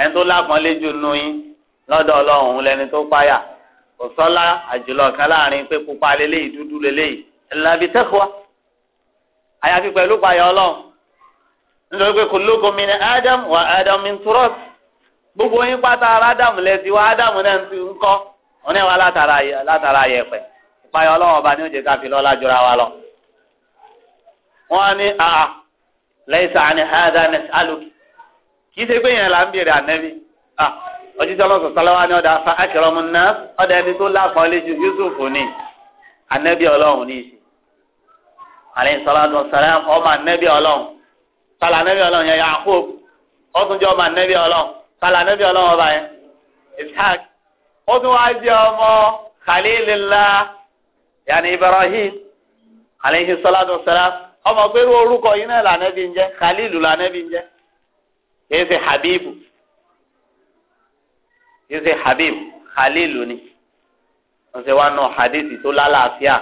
ẹni tó lápọ́nlé jù nù yín lọdọ lẹni tó páyà kò sọ́lá àjùlọ kan láàrin pé pupa lélẹ́yìí dúdú àyàfi pẹ̀lú páyà ọlọ́run nítorí pé gbogbo yín pátá náà ti ń wọn látara ọba ni ó lẹ́yìnsá àni hàdá nẹ́sì alùkì kì í ṣe pé yẹn là ń bèrè ànẹ́bí ọjíṣẹ́ ọlọ́sọ̀ sálọ́wá ni ọ̀dà afa akẹ́rọ̀mù náà ọ̀dà ẹni tó láàfọ̀n léṣu Yusuf ní ànẹ́bí ọlọ́run ní ìṣe àlẹ́ sọ́láàtọ̀ sàlẹ́ ọmọ ànẹ́bí ọlọ́run sálà ànẹ́bí ọlọ́run yẹn Yakub ó tún jẹ́ ọmọ ànẹ́bí ọlọ́run sálà ànẹ́bí ọlọ́run ọba yẹn Ishaq ó tún wá jẹ́ ọmọ Khalilillah yàní Ibrahim àlẹ́ sọ́láàtọ̀ sàlẹ́ ọmọ pẹ̀lú orúkọ yìí náà lànàbí ń jẹ́ khalilu lànàbí ń jẹ́ kìí ṣe habibu kìí ṣe habibu khalilu ni wọ́n ṣe wá nù hadithi tó lálàáfíà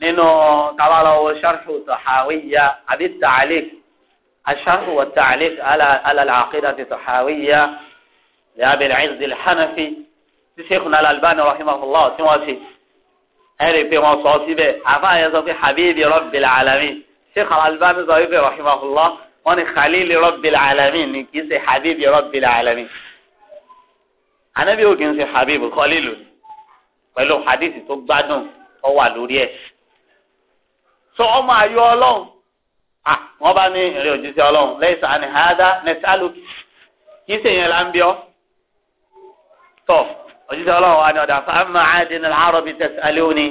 nínú tabalọ̀wọ̀ sharhu tahawiyya àbí ta'alik asharhu wa ta'alik ala al-aqida ti tahawiyya ya bil izz al-hanafi ti sheikhuna al-albani rahimahullah tí wọ́n ṣe ẹ̀rì pé wọ́n sọ síbẹ̀ àfa yẹn sọ pé habibi rabbil alamin sheikh al-Albani sọ wípé rahimahullah wọ́n ní khalili rabbil alamin ni kì í ṣe habibi rabbil alamin anabi ò kì í ṣe habibu khalilu pẹ̀lú hadithi tó gbádùn tó wà lórí ẹ̀ sọ ọmọ ayọ̀ ọlọ́run ah bá ní ìrìn òjíṣẹ́ ọlọ́run lẹ́yìn sàn hada nẹ́sàlù kì í ṣe yẹn là ń bí ọ òjijì ọlọ́run wa ni ọ̀dà fáwọn àdín àròbí tẹ̀sílẹ̀ òní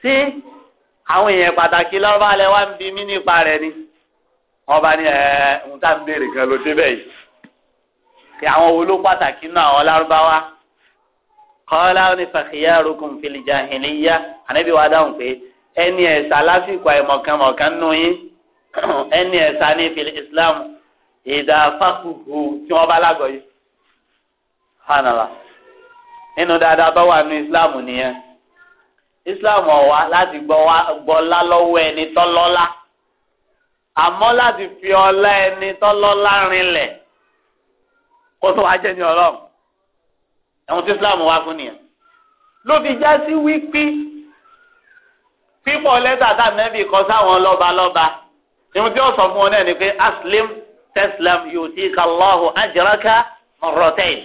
sí àwọn èèyàn pàtàkì lọ́ba alẹ́ wa ń bi mí nípa rẹ̀ ni ọba ni ẹ̀ ń tà ń béèrè kan ló débẹ̀ yìí kí àwọn wo ló pàtàkì náà àwọn lárúbáwá kọ́lá ní fakhiyarukum fil jahiliyya ànábì wa dáhùn pé ẹni ẹ̀sà lásìkò àìmọ̀kànmọ̀kàn nù yín ẹni ẹ̀sà ní fil islam ìdá tí wọ́n bá lágọ̀ọ́ yìí nínú dáadáa tó wà ní islam nìyẹn islam ọ̀wá láti gbọ́lá lọ́wọ́ ẹni tọ́lọ́lá àmọ́ láti fi ọlá ẹni tọ́lọ́lá rinlẹ̀ kó tó wá jẹ́ ní ọlọ́run ẹ̀hún tí islam wá fún nìyẹn ló fi já sí wípé pípọ̀ lẹ́tà tá nẹ́bì kọ sáwọn lọ́balọ́ba ìhun tí ó sọ fún ọ náà ni pé aslim teslam yutika Allahu ajraka marratayn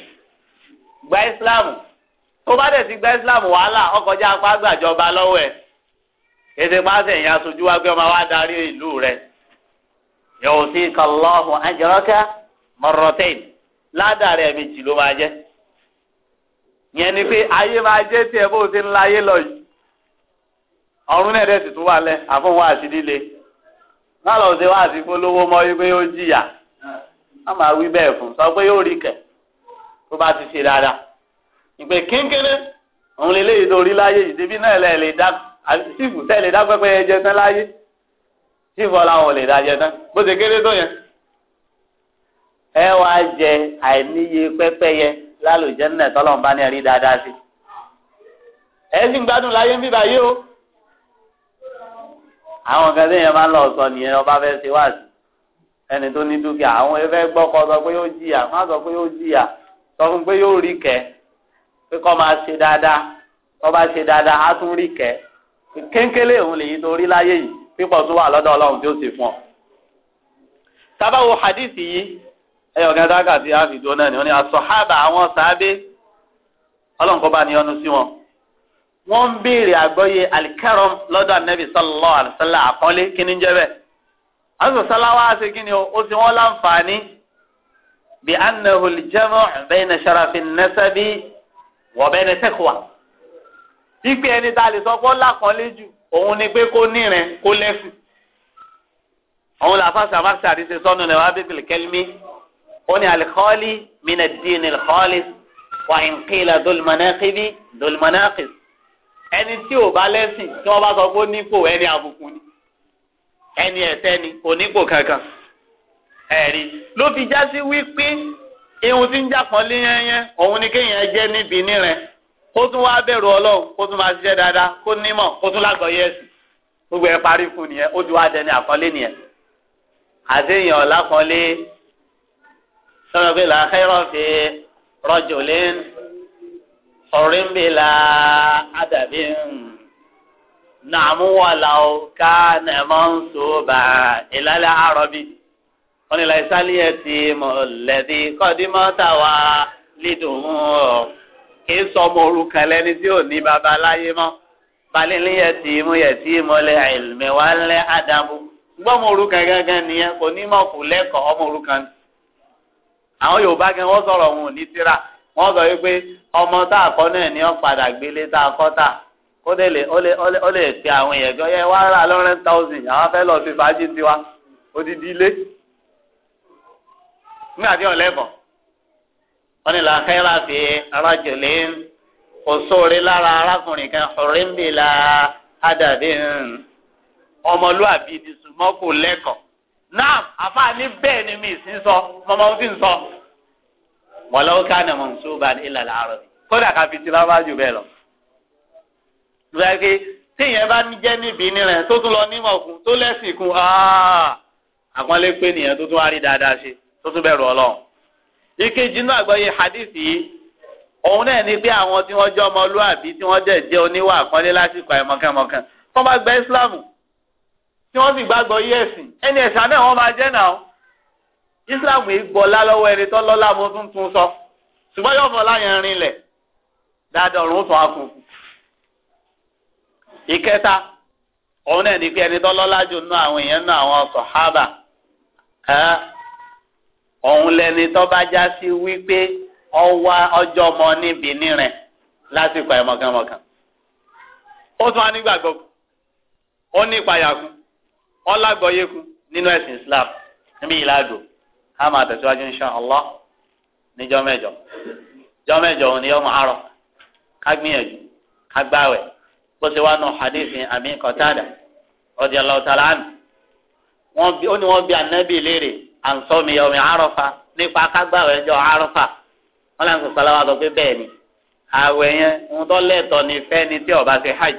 gba islam. tó bá dẹ̀ ti gba islam wàhálà jẹ́ apá gbàjọba lọ́wọ́ ẹ̀ ètè pàṣẹ ìyẹn aṣojú wa pé ọmọ wa darí ìlú rẹ. yòò sí kàlọ́ọ̀mù àjọrọ́kà mọ̀rọ̀tẹ́yìn ládàrẹ́ méjì ló máa jẹ́ yẹn ni pé ayé máa jẹ́ tiẹ̀ bó ti ń la ayé lọ yìí ọ̀run náà dẹ̀ sì tún wà lẹ̀ àfọwọ́ àti líle ṣe wá àti polówó mọ́ ó jìyà wọ́n máa wí bẹ́ẹ̀ fún sọ pé yóò ìpè kéńkéré òun lè léyìí tó rí láyé yìí débi náà lẹ lè dá sífù tẹ lè dá pẹpẹ yẹn jẹ tán láyé sífù ọlàwọn lè dá jẹ tán bó ṣe kéré tó yẹn ẹ wá jẹ àìníye pẹpẹ yẹ lálùjẹnẹ tọlọm bá ní ẹrí dáadáa sí ẹ sì ń gbádùn láyé ń bíbá yé o àwọn kan téèyàn máa ń lọ sọ nìyẹn ọba fẹẹ ṣe wá sí ẹni tó ní dúkìá àwọn ẹ fẹ́ gbọkọ sọ pé yóò jìyà má sọ pé yóò jìyà sọ fún pé yóò rí kẹ pé kọ́ máa ṣe dáadáa kọ́ bá ṣe dáadáa á tún rí kẹ́ kéńkélé òun lèyí tó rí láyé yìí pípọ̀ tún wà lọ́dọ̀ ọlọ́run tí ó sì fún ọ. sábàwò hadith yìí ẹyọ kan dáka tí a fi dúró náà ni wọn ni asọ̀hábà àwọn sàábé ọlọ́run kọ́ bá ní ọnu sí wọn. wọ́n ń béèrè àgbọ́yé alikarom lọ́dọ̀ anabi sallallahu alayhi wa kí ni jẹ́ bẹ́ẹ̀. àwọn sọ̀sálá ṣe kí ni ó ti wọ́n láǹfààní bí anahul jamu' bayna wọ̀bẹ ni tẹ́kùwà ìgbé ẹni tá a lè sọ pé ó lákọ̀ọ́lé jù òun ni pé kó nírin kó lẹ́sìn òun làfa sàmáṣí àdìsẹ sọnù ní wàá bíbélì kẹlímì ó ní alikọ́ọ̀lì mina dín ní alikọ́ọ̀lì wà ń kíla dolmanakibi ẹni tí ò bá lẹ́sìn tí wọ́n bá sọ pé nípò ẹni àbùkù ni ẹni ẹ̀tẹ́ ni onípò kankan ẹ̀rí ló fi já wípé ihun tí ń jàpọ̀ léyẹnyẹn òun ni kéèyàn jẹ́ níbi nírẹ̀ kó tún wá bẹ̀rù ọlọ́run kó tún máa ṣiṣẹ́ dáadáa kó nímọ̀ kó tún lágbọ̀ọ́yé ẹ̀sìn gbogbo ẹ̀ parí fún nìyẹn ó ti wá dẹni àkọlé nìyẹn àtẹ̀yìn ọ̀làkọlé sọ̀rọ̀ bí làákẹ́rọ̀ fi rọ́jò lẹ́n ọ̀rẹ́ ń la àdàbí nààmú ká nàmọ́ ń ìlàlẹ́ àrọ́bí wọn ni laisali yẹ ti mọ̀lẹ́bí kọ́dímọ́tà wa lídùn ọ́ kìí sọmọ orúkọ lẹni tí ò ní baba láyé mọ́ balẹ̀lẹ́ yẹ ti mú yẹ ti mọ́lẹ̀ àìlùmẹ̀wá lẹ́ àdàbò gbọ́ ọmọ orúkọ gángan nìyẹn kò ní mọ̀ kò lẹ́kọ̀ọ́ ọmọ orúkọ ni àwọn Yorùbá gan wọ́n sọ̀rọ̀ wọn ò ní tírà wọ́n sọ wípé ọmọ tá a kọ́ náà ni wọ́n padà gbélé tá a kọ́ tà ó lè ó lè fi àwọn èèyàn gan yẹ wàhálà lọ́rẹ́ thousand àwọn afẹ́ lọ sí fàájì tiwa odidi ilé nígbà tí ọ̀lẹ́kọ̀ wọ́n ní làákẹ́rà fi arájòlé kò sóore lára arákùnrin kan ọ̀rẹ́ ń bè la ádàdé ọmọlúàbí ti sùnmọ́ kò lẹ́kọ̀ọ́ náà àfààní bẹ́ẹ̀ ni mi sì ń sọ mọ́mọ́ ó sì ń sọ wọ́lọ́wọ́ ká nà mọ̀ nsúbà ilà làárọ̀ kódà ká fi tìlá wájú bẹ́ẹ̀ lọ. lóyè pé téèyàn bá jẹ́ níbi nírẹ̀ tó tún lọ nímọ̀ kún tó lẹ́sìn kún àpọ́nlé pé nìyẹn tó tún wá rí dáadáa ṣe. tó tún bẹ̀rù ọlọ́run. ìkejì inú àgbáyé hadith òun náà ni pé àwọn tí wọ́n jẹ́ ọmọlúàbí tí wọ́n jẹ jẹ́ oníwà àpọ́nlé lásìkò àìmọ̀kànmọ̀kàn tó bá gba ìsìláàmù tí wọ́n sì gbàgbọ́ yí ẹni ẹ̀sà náà wọ́n máa jẹ́ náà sọ yóò dáadáa tún ìkẹta òun náà ni pé ẹni tó jù òun lẹni tó bá já sí wípé ọwá ọjọ́ ọmọ níbi nírìn lásìkò ẹ̀ ó tún á nígbàgbọ́ ó ní ìpayàkú ó nínú ẹ̀sìn Islam níbi ìlàdò á máa tẹ̀síwájú insha Allah níjọ́ mẹ́jọ òun ni ọmọ àárọ̀ bó ṣe wá nù n'i ó ní wọ́n ànsọ́mi ọ̀mì àrọ́fà nípa akágbáwẹ̀ ẹjọ́ àrọ́fà wọn lẹ́nu sọ̀sọ́ lọ́wọ́ sọ pé bẹ́ẹ̀ ni àwẹ̀ yẹn ń tọ́ lẹ́tọ̀ ní fẹ́ni tí ó bá ṣe hajj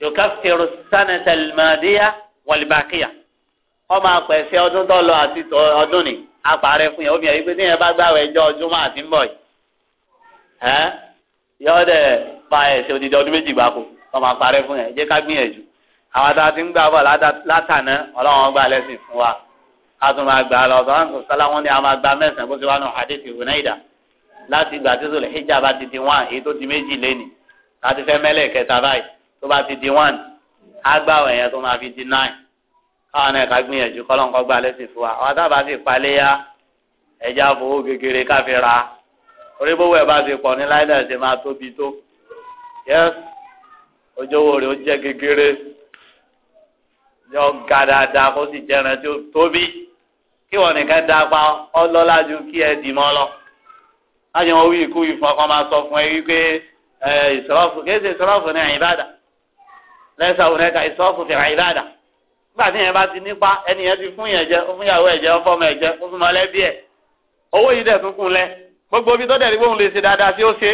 yòókà fèrò sánẹtẹ màdíyà wọlébàkìyà wọn máa pèsè ọdún tó lọ àti ọdún ni apàrẹ fún yẹn obìnrin yìí pé tí yẹn bá gbàwẹ̀ ẹjọ́ ọdún máa ti ń bọ̀ yìí yọ́ọ́ dẹ̀ pa ẹ̀sẹ̀ odidi ọdún méjì gbáko wọn máa parẹ́ fún yẹn jẹ́ ká gbìyànjú àwọn àtàwọn ti ń gbà bọ̀ látàná ọlọ́run gbà lẹ́sìn fún wa àtúmọ̀ àgbà lọ́sọ̀ àwọn sọ́lá wọn ni a máa gba mẹ́sàn-án bó ti wà nù hadithi hunaida láti ìgbà tí sọlẹ̀ hijab bá ti di one èyí tó di méjì lẹ́nu láti fẹ́ mẹ́lẹ̀ kẹta báyìí tó bá ti di one agbáwọ̀ yẹn tó máa fi di nine káwọn náà ká gbìyànjú kọ́lọ́n kọ́ gbà lẹ́sìn fún wa àwọn tábà sì paléyà ẹja fowó gegere káfí ra orí bówó ẹ̀ bá ti pọ̀ ní láìdá ṣe máa tóbi tó yẹ́s ojówó rẹ̀ ó jẹ́ gegere yọ ga kó sì jẹ́ran tí tóbi kí wọn nìkan da pa ọlọ́lá ju kí ẹ dì mọ́ lọ. láti wọn wí ikú ìfọ̀ kan máa sọ fún ẹ wípé ìsọ̀rọ̀fù kí ẹsẹ̀ ìsọ̀rọ̀fù ní àyíbàdà lẹ́sà òun ẹ̀ka ìsọ̀rọ̀fù ti àyíbàdà. nígbà tí yẹn bá ti nípa ẹni yẹn ti fún yẹn jẹ fún ìyàwó ẹ̀ jẹ ọkọ ọmọ ẹ̀ jẹ fún fún mọ̀lẹ́bí ẹ̀. owó yìí dẹ̀ tún kún lẹ gbogbo ibi tó dẹ̀ rí lè ṣe dáadáa sí ó ṣe.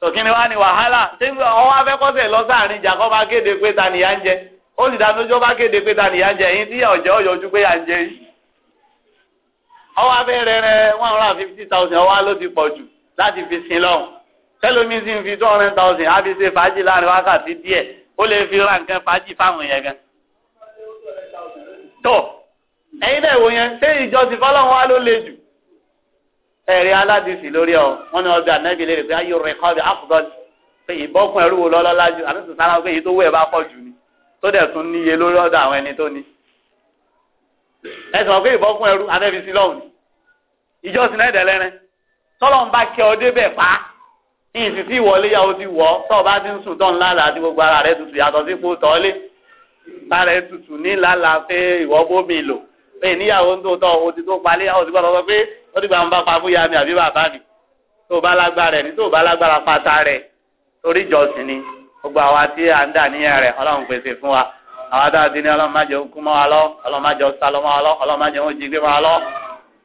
tòkínní wa ni wàhálà ṣé ọwọ́ afẹ́kọ́sẹ̀ lọ sáàrin ìjà kọ́ bá kéde pé ta nìyà ń jẹ ó sì dáná ojú ó bá kéde pé ta nìyà ń jẹ yín tí ọ̀jẹ́ ọ̀yọ́jú pé yà ń jẹ yín ọwọ́ abẹ́rẹ́ rẹ one hundred and fifty thousand ọwọ́ ló ti pọ̀ jù láti fi sin lọ́hùn tẹ́lómi sì ń fi two hundred thousand á fi ṣe fàájì láàrin wákàtí díẹ̀ ó lè fi ra nǹkan fàájì fáwọn yẹn gan. tó ẹ̀yin náà wò yẹn ṣé ìjọsìn fọlọ́run wá ló le jù ẹ̀rí aládìsí lórí ọ wọn ni ọbẹ̀ ànábì lè rè pé ayé rẹ̀ kọ́ ọbẹ̀ àfùdọ́jù pé ìbọ́kùn ẹrú wo lọ́lọ́lá jù àbí sùn sára pé èyí tó wù ẹ̀ bá pọ̀ jù ni tó dẹ̀ tún níye lórí ọ̀dọ̀ àwọn ẹni tó ní ẹ sọ pé ìbọn fún ẹrú afẹ́fi sí lọ́hùn ìjọsìn náà dẹ̀lẹ́rẹ́ tọ́lọ̀ ń bá kẹ ọ débẹ̀ pa ìsìn tí ìwọlé yà ó ti wọ̀ tọ́ ọ bá ti ń sùn tọ́ ń lálà àti gbogbo ara rẹ̀ tutù yàtọ̀ sí kó tọ́ lé bára ẹ̀ tutù ní lálà pé ìwọ bómi lò pé níyàwó ń tó tọ́ o ti tó palẹ́ o ti gbọ́dọ̀ sọ pé ó ti gbà ń bá pa fún ya mi àbí bàbá mi tó o bá lágbára ẹ̀ ní tó o bá lágbára pátá rẹ̀ torí ìjọsìn ni gbogbo àwa tí à ń dà níyà rẹ̀ ọlọ́run pèsè fún wa àwọn adáàdì ní ọlọ́mọdé kú mọ́ wa lọ ọlọ́mọdé sálọ mọ́ wa lọ ọlọ́mọdé wọn jí gbé mọ́ wa lọ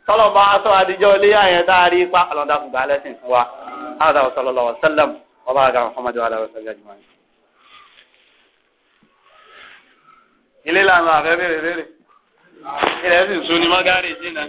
tọ́lọ̀ bá aṣọ àdìjọ́ ilé yẹn tá a rí ipa ọlọ́dà kù gbà lẹ́sìn fún wa áàdà sallallahu alaihi wasallam wọ́n bá ga Muhammadu wa aláwọ̀ sẹ́lẹ̀ jùmọ̀ ní. ilé lànà àfẹ́ bèrè bèrè ilẹ̀ sì sún ni mọ́gárì jìnnà.